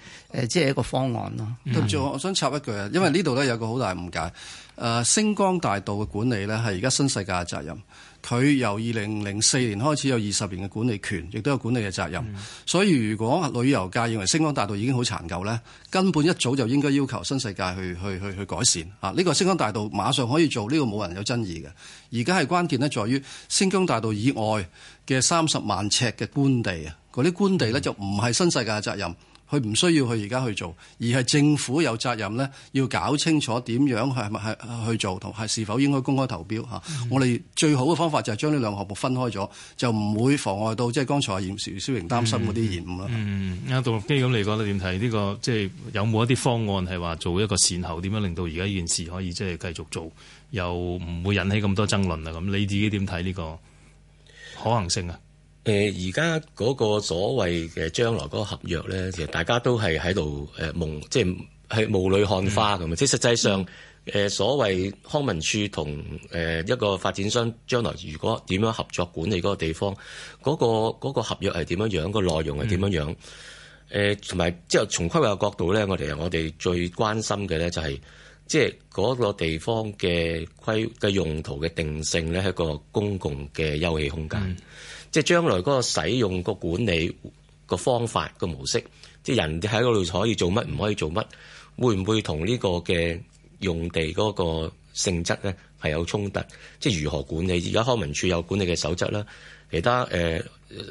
即係一個方案咯。跟住，嗯，我想插一句啊，因為呢度咧有個好大誤解誒，星光大道嘅管理咧係而家新世界嘅責任。佢由二零零四年開始有二十年嘅管理權，亦都有管理嘅責任。嗯、所以如果旅遊界認為星光大道已經好殘舊咧，根本一早就應該要求新世界去去去，去改善嚇。呢、啊呢個星光大道馬上可以做，呢、呢個冇人有爭議嘅。而家係關鍵咧，在於星光大道以外嘅三十萬尺嘅官地啊，嗰啲官地咧、嗯、就唔係新世界嘅責任。佢唔需要去而家去做，而係政府有責任咧，要搞清楚點樣係咪係去做同係是否應該公開投標嚇。嗯、我哋最好嘅方法就係將呢兩個項目分開咗，就唔會妨礙到即係剛才姚思榮擔心嗰啲疑問啦。嗯，杜、嗯、立基咁嚟講，你點睇呢個即係、就是、有冇一啲方案係話做一個善後，點樣令到而家呢件事可以即係繼續做，又唔會引起咁多爭論啊？咁你自己點睇呢個可行性啊？誒而家嗰個所謂嘅將來嗰個合約咧，其實大家都係喺度誒夢，即係喺霧裏看花咁啊！化嗯、即實際上，誒、呃、所謂康文署同誒一個發展商將來如果點樣合作管理嗰個地方，嗰、嗰個嗰、嗰個、合約係點樣樣，嗰個內容係點樣樣？同埋、嗯呃、即係從規劃嘅角度咧，我哋我哋最關心嘅咧就係、係。即係嗰個地方嘅規嘅用途嘅定性咧，係一個公共嘅休憩空間。嗯、即係將來嗰個使用個管理個方法、個模式，即係人哋喺嗰度可以做乜唔可以做乜，會唔會同呢個嘅用地嗰個性質咧係有衝突？即係如何管理？而家康文署有管理嘅守則啦，其他誒誒、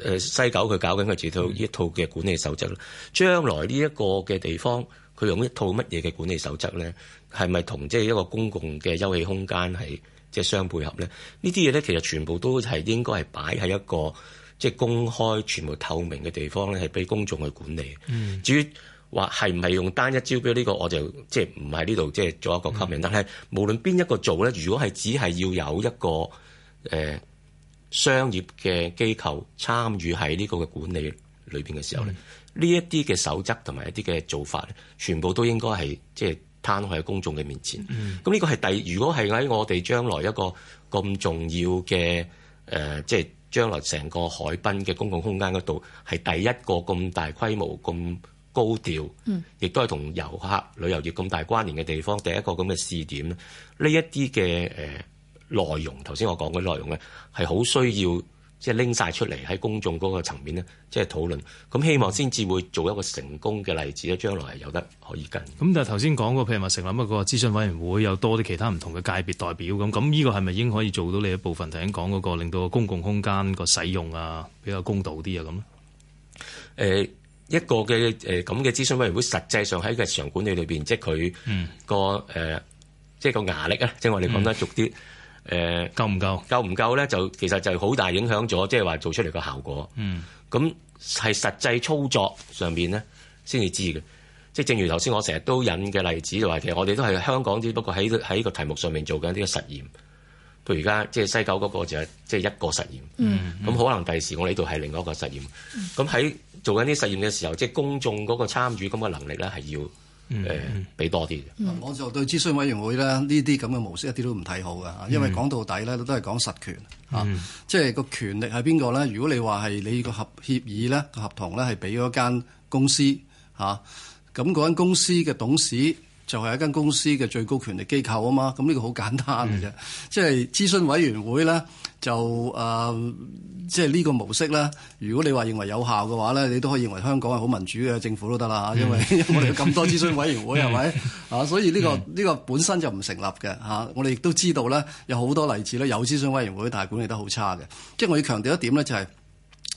呃、西九佢搞緊佢自己一套一套嘅管理守則啦。嗯、將來呢一個嘅地方。佢用一套乜嘢嘅管理守則咧，係咪同即係一個公共嘅休憩空間係即係相配合咧？呢啲嘢咧，其實全部都係應該係擺喺一個即係、即係、公開、全部透明嘅地方咧，係俾公眾去管理。嗯、至於話係唔係用單一招標呢、呢個，我就即係唔喺呢度即係做一個吸引。嗯、但係無論邊一個做咧，如果係只係要有一個誒、呃、商業嘅機構參與喺呢個嘅管理裏面嘅時候咧。嗯呢一啲嘅守則同埋一啲嘅做法，全部都應該係即係攤開喺公眾嘅面前。咁呢個係第，如果係喺我哋將來一個咁重要嘅誒，即係將來成個海濱嘅公共空間嗰度，係第一個咁大規模、咁高調，亦都係同遊客旅遊業咁大關聯嘅地方，第一個咁嘅試點咧，呢一啲嘅誒內容，頭先我講嘅內容咧，係好需要。即係拎晒出嚟喺公眾嗰個層面咧，即係討論，咁希望先至會做一個成功嘅例子咧，將來係有得可以跟。咁但係頭先講過，譬如話成立一個諮詢委員會有多啲其他唔同嘅界別代表咁，咁呢個係咪已經可以做到你一部分頭先講嗰個令到公共空間個使用啊比較公道啲啊咁咧？呃、一個嘅誒咁嘅諮詢委員會，實際上喺日常管理裏邊，即係佢個誒，即係個壓力啊，嗯、即係我哋講得俗啲。嗯逐誒、嗯、夠唔夠？夠唔夠咧？就其實就好大影響咗，即係話做出嚟個效果。嗯。咁係實際操作上面咧，先至知嘅。即、就、係、是、正如頭先我成日都引嘅例子，就話其實我哋都係香港只不過喺喺個題目上面做緊啲嘅實驗。譬如而家即係西九嗰，那個就係即係一個實驗。嗯。咁可能第時我哋呢度係另外一個實驗。咁喺、嗯、做緊啲實驗嘅時候，即、就、係、是、公眾嗰個參與咁嘅能力咧，係要。誒，俾、mm hmm. 多啲嘅，mm hmm. 我就對諮詢委員會咧呢啲咁嘅模式一啲都唔睇好㗎，因為講到底咧都係講實權、mm hmm. 啊、即係個權力係邊個咧？如果你話係你個合協議咧、合同咧係俾咗間公司嚇，咁嗰間公司嘅董事就係一間公司嘅、啊、最高權力機構啊嘛，咁呢個好簡單嘅啫，mm hmm. 即係諮詢委員會咧。就誒、呃，即係呢個模式呢，如果你話認為有效嘅話呢，你都可以認為香港係好民主嘅政府都得啦。因為我哋咁多諮詢委員會，係咪啊？ 所以呢、這個呢、這個本身就唔成立嘅，我哋亦都知道呢，有好多例子呢有諮詢委員會，但係管理得好差嘅。即係我要強調一點呢，就係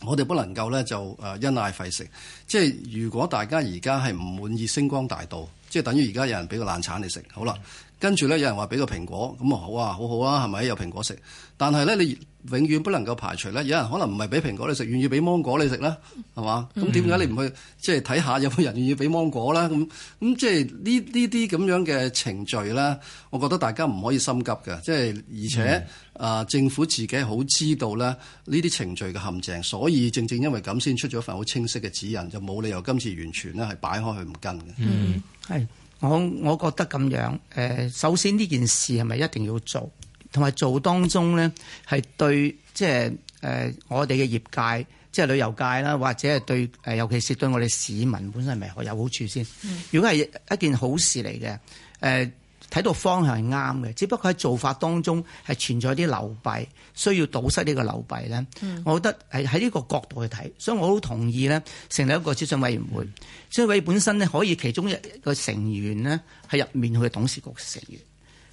我哋不能夠呢，就誒因愛費食。即係如果大家而家係唔滿意星光大道，即係等於而家有人俾個爛產你食，好啦。跟住咧，有人話俾個蘋果，咁啊好啊，好好啊，係咪有蘋果食？但係咧，你永遠不能夠排除咧，有人可能唔係俾蘋果你食，願意俾芒果你食啦，係嘛？咁點解你唔去、嗯、即係睇下有冇人願意俾芒果啦。咁咁即係呢呢啲咁樣嘅程序咧，我覺得大家唔可以心急嘅。即係而且、嗯、啊，政府自己好知道咧呢啲程序嘅陷阱，所以正正因為咁先出咗一份好清晰嘅指引，就冇理由今次完全呢係擺開佢唔跟嘅。嗯，係。我我覺得咁樣，誒，首先呢件事係咪一定要做？同埋做當中咧，係對即係誒，我哋嘅業界，即係旅遊界啦，或者係對誒、呃，尤其是對我哋市民本身係咪有好處先？嗯、如果係一件好事嚟嘅，誒、呃。睇到方向係啱嘅，只不過喺做法當中係存在啲流弊，需要堵塞呢個流弊咧。嗯、我覺得係喺呢個角度去睇，所以我好同意咧成立一個諮詢委員會。諮詢委員本身咧可以其中一個成員咧係入面嘅董事局成員。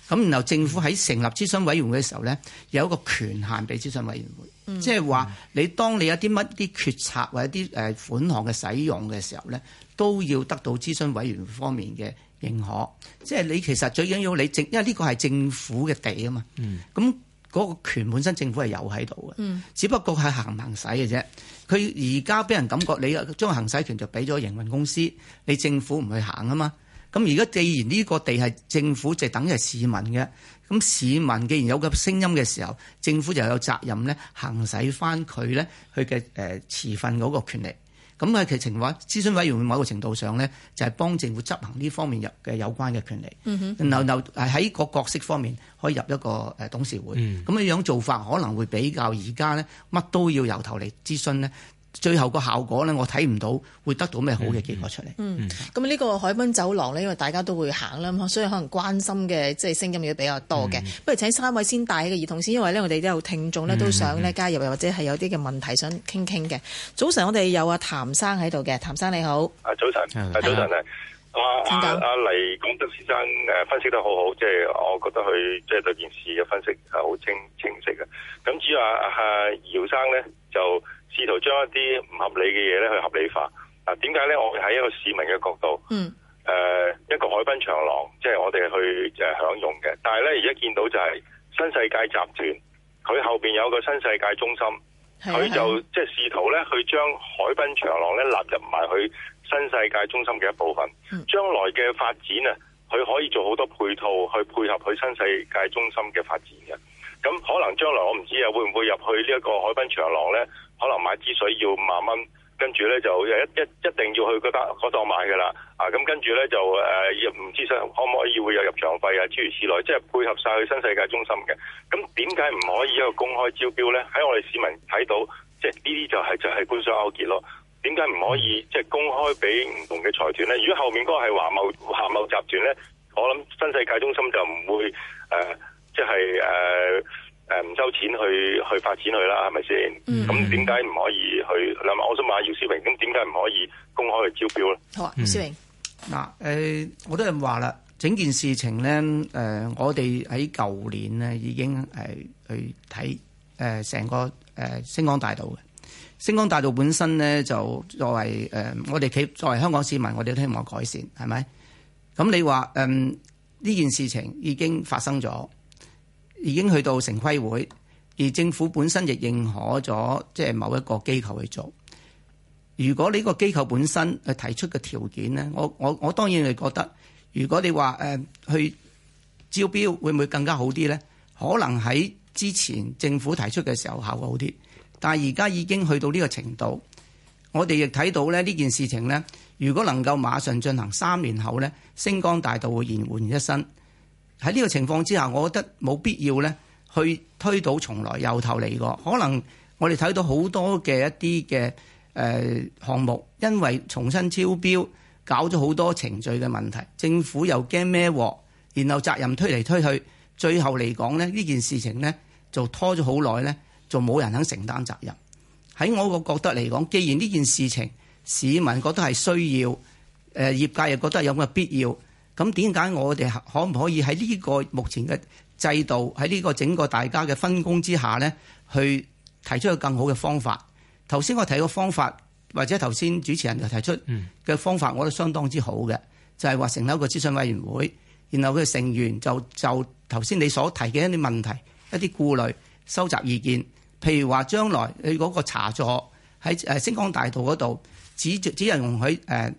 咁然後政府喺成立諮詢委員會嘅時候咧，有一個權限俾諮詢委員會，即係話你當你有啲乜啲決策或者啲誒款項嘅使用嘅時候咧，都要得到諮詢委員方面嘅認可，即係你其實最緊要你政，因為呢個係政府嘅地啊嘛。嗯。咁嗰個權本身政府係有喺度嘅。嗯。只不過係行唔行使嘅啫。佢而家俾人感覺你啊，將行使權就俾咗營運公司，你政府唔去行啊嘛。咁而家既然呢個地係政府，就等於係市民嘅。咁市民既然有個聲音嘅時候，政府就有責任咧行使翻佢咧佢嘅誒持份嗰個權利。咁嘅劇情話，諮詢委員會某一個程度上咧，就係幫政府執行呢方面入嘅有關嘅權力。嗯哼，然後又喺個角色方面可以入一個誒董事會。咁樣樣做法可能會比較而家咧，乜都要由頭嚟諮詢咧。最後個效果咧，我睇唔到會得到咩好嘅結果出嚟。嗯，咁呢、嗯嗯、個海濱走廊咧，因為大家都會行啦，所以可能關心嘅即係聲音亦都比較多嘅。嗯、不如請三位先帶起個兒童先，因為咧我哋都有聽眾咧都想咧加入，或者係有啲嘅問題想傾傾嘅。嗯、早晨，我哋有阿譚生喺度嘅，譚生你好。啊，早晨，啊早晨啊。阿、啊、黎廣德先生、啊、分析得好好，即、就、係、是、我覺得佢即係對件事嘅分析係好清清晰嘅。咁至於阿阿姚生呢，就試圖將一啲唔合理嘅嘢呢去合理化。點、啊、解呢？我會喺一個市民嘅角度，誒、嗯啊、一個海濱長廊，即、就、係、是、我哋去誒享用嘅。但係呢，而家見到就係新世界集團，佢後面有個新世界中心，佢、啊、就即係、啊、試圖呢去將海濱長廊呢納入埋去。新世界中心嘅一部分，將來嘅發展啊，佢可以做好多配套去配合佢新世界中心嘅發展嘅。咁可能將來我唔知啊，會唔會入去呢一個海濱長廊咧？可能買支水要五萬蚊，跟住咧就一一一定要去嗰單嗰檔買噶啦。啊，咁跟住咧就誒，唔知可唔可以會有入場費啊？諸如此類，即係配合晒佢新世界中心嘅。咁點解唔可以一個公開招標咧？喺我哋市民睇到，即係呢啲就係就係官商勾結咯。點解唔可以即係，就是，公開俾唔同嘅財團咧？如果後面嗰個係華茂華茂集團咧，我諗新世界中心就唔會誒，即係誒誒唔收錢去去發展佢啦，係咪先？咁點解唔可以去？諗，嗯，我想問下姚思榮，咁點解唔可以公開去招標咧？好啊，姚思榮。嗱，嗯，誒，啊，我都係話啦，整件事情咧，誒，呃，我哋喺舊年咧已經係去睇誒，成，呃，個誒，呃，星光大道嘅。星光大道本身咧就作為誒，我哋企作為香港市民，我哋都希望改善，係咪？咁你話誒呢件事情已經發生咗，已經去到城規會，而政府本身亦認可咗，即係某一個機構去做。如果呢個機構本身去提出嘅條件咧，我我我當然係覺得，如果你話，嗯，去招標，會唔會更加好啲咧？可能喺之前政府提出嘅時候效果好啲。但係而家已經去到呢個程度，我哋亦睇到咧呢件事情咧，如果能夠馬上進行，三年後咧，星光大道會延緩一新。喺呢個情況之下，我覺得冇必要咧去推倒重來，由頭嚟過。可能我哋睇到好多嘅一啲嘅誒項目，因為重新超標搞咗好多程序嘅問題，政府又驚孭鑊，然後責任推嚟推去，最後嚟講咧呢件事情咧就拖咗好耐咧。就冇人肯承擔責任。喺我個角度嚟講，既然呢件事情市民覺得係需要，業界又覺得是有咩必要，咁點解我哋可唔可以喺呢個目前嘅制度，喺呢個整個大家嘅分工之下呢，去提出一個更好嘅方法？頭先我提個方法，或者頭先主持人就提出嘅方法，我都相當之好嘅，嗯、就係話成立一個諮詢委員會，然後佢嘅成員就就頭先你所提嘅一啲問題，一啲顧慮收集意見。譬如話，將來你嗰個茶座喺誒星光大道嗰度，只只係容許誒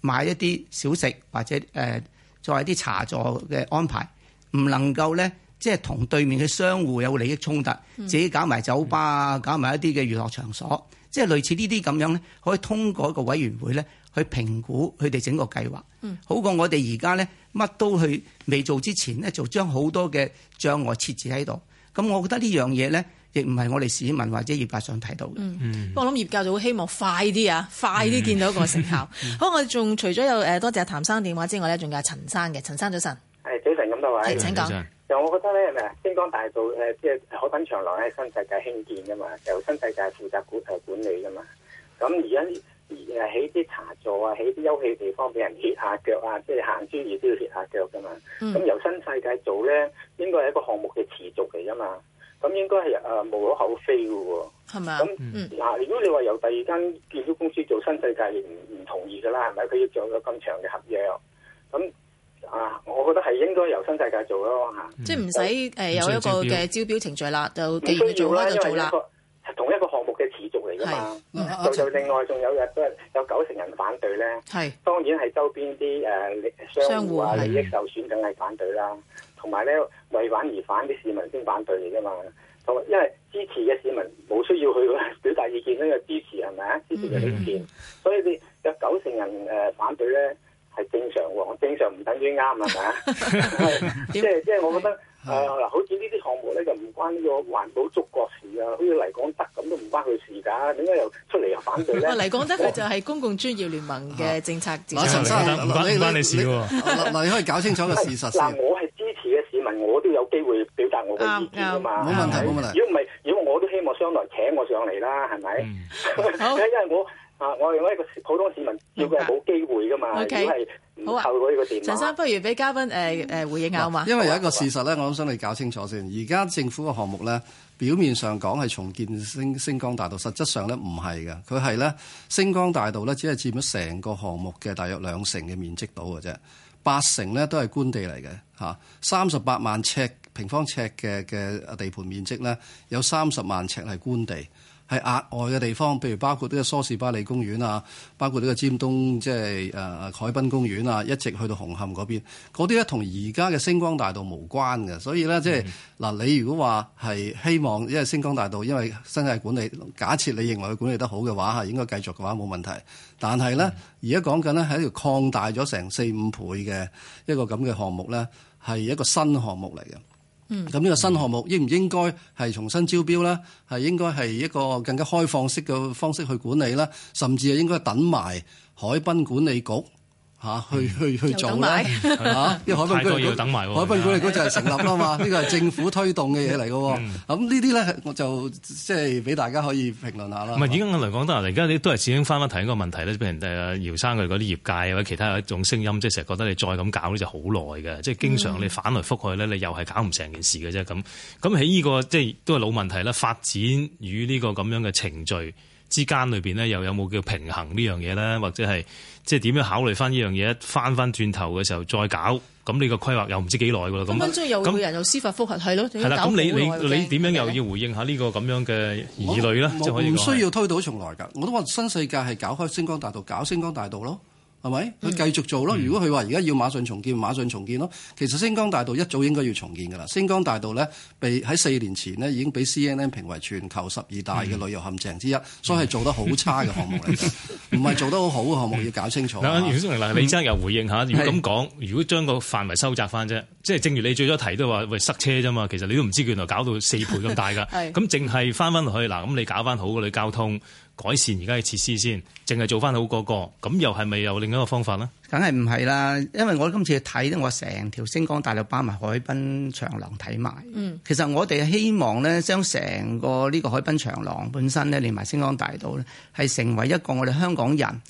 買一啲小食或者誒作為一啲茶座嘅安排，唔能夠咧，即係同對面嘅商戶有利益衝突，自己搞埋酒吧啊，搞埋一啲嘅娛樂場所，即係類似呢啲咁樣咧，可以通過一個委員會咧去評估佢哋整個計劃，好過我哋而家咧乜都去未做之前咧，就將好多嘅障礙設置喺度。咁我覺得呢樣嘢咧。亦唔係我哋市民或者業界想睇到嘅。嗯嗯。不過我諗業界就會希望快啲啊，嗯、快啲見到一個成效。嗯、好，我仲除咗有誒多謝譚生電話之外咧，仲有陳生嘅。陳生早，早晨。誒，早晨咁多位。誒，請講。就我覺得咧，係咪啊？星光大道即係海濱長廊咧，新世界興建噶嘛，由新世界負責管管理噶嘛。咁而家起啲茶座啊，起啲休憩地方俾人歇下腳啊，即係行居業都要歇下腳噶嘛。咁、嗯、由新世界做咧，應該係一個項目嘅持續嚟噶嘛。咁應該係誒無可厚非喎，係咪啊？咁嗱，如果、嗯、你話由第二間建築公司做新世界，唔唔同意㗎啦，係咪？佢要做咗咁長嘅合約，咁啊，我覺得係應該由新世界做咯嚇。即係唔使有一個嘅招標程序啦，需要就直接做啦。因為同一個同一個項目嘅持續嚟㗎嘛，就、嗯、就另外仲有亦都係有九成人反對咧。係當然係周邊啲誒商戶啊，戶利益受損梗係反對啦。同埋咧，為反而反啲市民先反對你㗎嘛。同因為支持嘅市民冇需要去表達意見，呢個支持係咪啊？支持嘅意見，所以你有九成人誒反對咧，係正常喎。正常唔等於啱係咪啊？即係即係，即係即係、我覺得嗱是的，好似呢啲項目咧，就唔關呢個環保觸角事啊。好似黎廣德咁都唔關佢事㗎，點解又出嚟又反對咧？黎廣德佢就係公共專業聯盟嘅政策。陳生、啊，唔、啊啊、關你事喎。嗱，你可以搞清楚個事實先 、啊。啊啊我都有機會表達我嘅意見啊嘛，冇問題冇問題。如果唔係，如果我都希望將來請我上嚟啦，係咪？Mm. Oh. 因為我啊，我我一個普通市民，叫佢係冇機會噶嘛。O、okay. K，好啊。陳生，不如俾嘉賓誒誒、呃呃、回應下嘛。嗯、好，因為有一個事實咧，我諗想你搞清楚先。而家政府嘅項目咧，表面上講係重建星星光大道，實質上咧唔係嘅。佢係咧星光大道咧，只係佔咗成個項目嘅大約兩成嘅面積度嘅啫。八成咧都係官地嚟嘅吓，三十八萬尺平方尺嘅嘅地盤面積咧，有三十萬尺係官地。係額外嘅地方，譬如包括呢個梳士巴利公園啊，包括呢個尖東即係誒海濱公園啊，一直去到紅磡嗰邊，嗰啲咧同而家嘅星光大道無關嘅，所以咧即係嗱，你如果話係希望，因為星光大道因為新嘅管理，假設你認為佢管理得好嘅話，係應該繼續嘅話冇問題。但係咧，而家講緊咧係一條擴大咗成四五倍嘅一個咁嘅項目咧，係一個新項目嚟嘅。咁呢個新項目應唔應該係重新招標呢？係應該係一個更加開放式嘅方式去管理呢？甚至係應該等埋海濱管理局。嚇、啊、去去、嗯、去做啦嚇！因為海濱管理局要等埋、啊，海濱管理局就係成立啦嘛，呢個係政府推動嘅嘢嚟嘅。咁、嗯啊、呢啲咧，我就即係俾大家可以評論下啦。唔係、嗯，已經嚟講得啦。而家你都係始終翻翻提呢個問題咧，譬如誒姚生佢嗰啲業界或者其他有一種聲音，即係成日覺得你再咁搞咧就好耐嘅，即係經常你反來覆去咧，你又係搞唔成件事嘅啫。咁咁喺呢個即係都係老問題啦，發展與呢個咁樣嘅程序。之間裏面咧又有冇叫平衡呢樣嘢咧？或者係即係點樣考慮返呢樣嘢？返返轉頭嘅時候再搞，咁你個規劃又唔知幾耐㗎喇。咁樣再有人又司法覆核，係咯的？係啦的。咁你你你點樣又要回應下這個這呢個咁樣嘅疑慮咧？就可以唔需要推倒重來㗎。我都話新世界係搞開星光大道，搞星光大道咯。係咪？佢繼續做咯。如果佢話而家要馬上重建，馬上重建咯。其實星光大道一早應該要重建㗎啦。星光大道咧，被喺四年前呢已經俾 CNN 評為全球十二大嘅旅遊陷阱之一，所以係做得好差嘅項目嚟嘅，唔係 做得好好嘅項目要搞清楚。嗱、嗯，黎生、嗯，你你真又回應下，如果咁講，是如果將個範圍收窄翻啫，即係正如你最早提都話，喂塞車啫嘛，其實你都唔知原來搞到四倍咁大㗎。咁淨係翻翻落去嗱，咁你搞翻好嗰啲交通。改善而家嘅設施先，淨係做翻好嗰個，咁又係咪又另一個方法咧？梗係唔係啦。因為我今次睇咧，我成條星光大道包埋海濱長廊睇埋。嗯，其實我哋希望咧，將成個呢個海濱長廊本身咧，連埋星光大道咧，係成為一個我哋香港人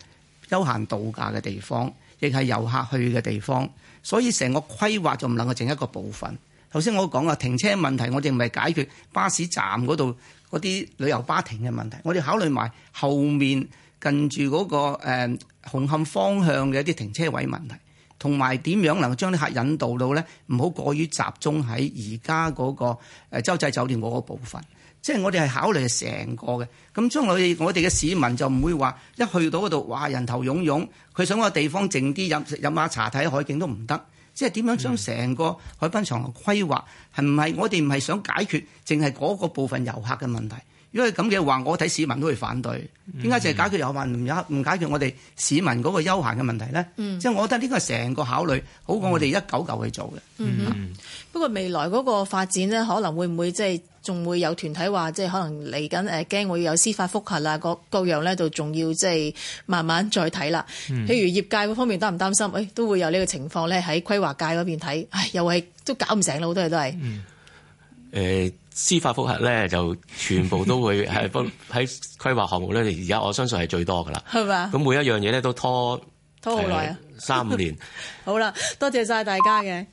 休閒度假嘅地方，亦係遊客去嘅地方。所以成個規劃就唔能夠淨一個部分。頭先我講啊，停車問題，我哋唔係解決巴士站嗰度。嗰啲旅遊巴停嘅問題，我哋考慮埋後面近住嗰個誒紅磡方向嘅一啲停車位問題，同埋點樣能夠將啲客引導到咧，唔好過於集中喺而家嗰個誒洲際酒店嗰個部分。即係我哋係考慮係成個嘅，咁將來我哋嘅市民就唔會話一去到嗰度，哇，人頭湧湧，佢想個地方靜啲飲飲下茶睇海景都唔得。即係點樣將成個海濱長廊規劃，係唔係我哋唔係想解決淨係個部分遊客嘅問題？因為咁嘅話，我睇市民都會反對。點解淨係解決又話唔解決決我哋市民嗰個休閒嘅問題咧？即係、嗯、我覺得呢個成個考慮好過我哋一九九去做嘅。不過未來嗰個發展呢，可能會唔會即係仲會有團體話即係可能嚟緊誒驚會有司法覆核啊？各各樣呢就仲要即係慢慢再睇啦。譬如業界嗰方面擔唔擔心？誒都會有呢個情況咧，喺規劃界嗰邊睇，唉又係都搞唔成啦，好多嘢都係。嗯誒、呃、司法覆核咧就全部都會係喺規劃項目咧，而家 我相信係最多㗎喇。係嘛吧？咁每一樣嘢咧都拖拖好耐啊，三、呃、五年。 好啦，多謝晒大家嘅。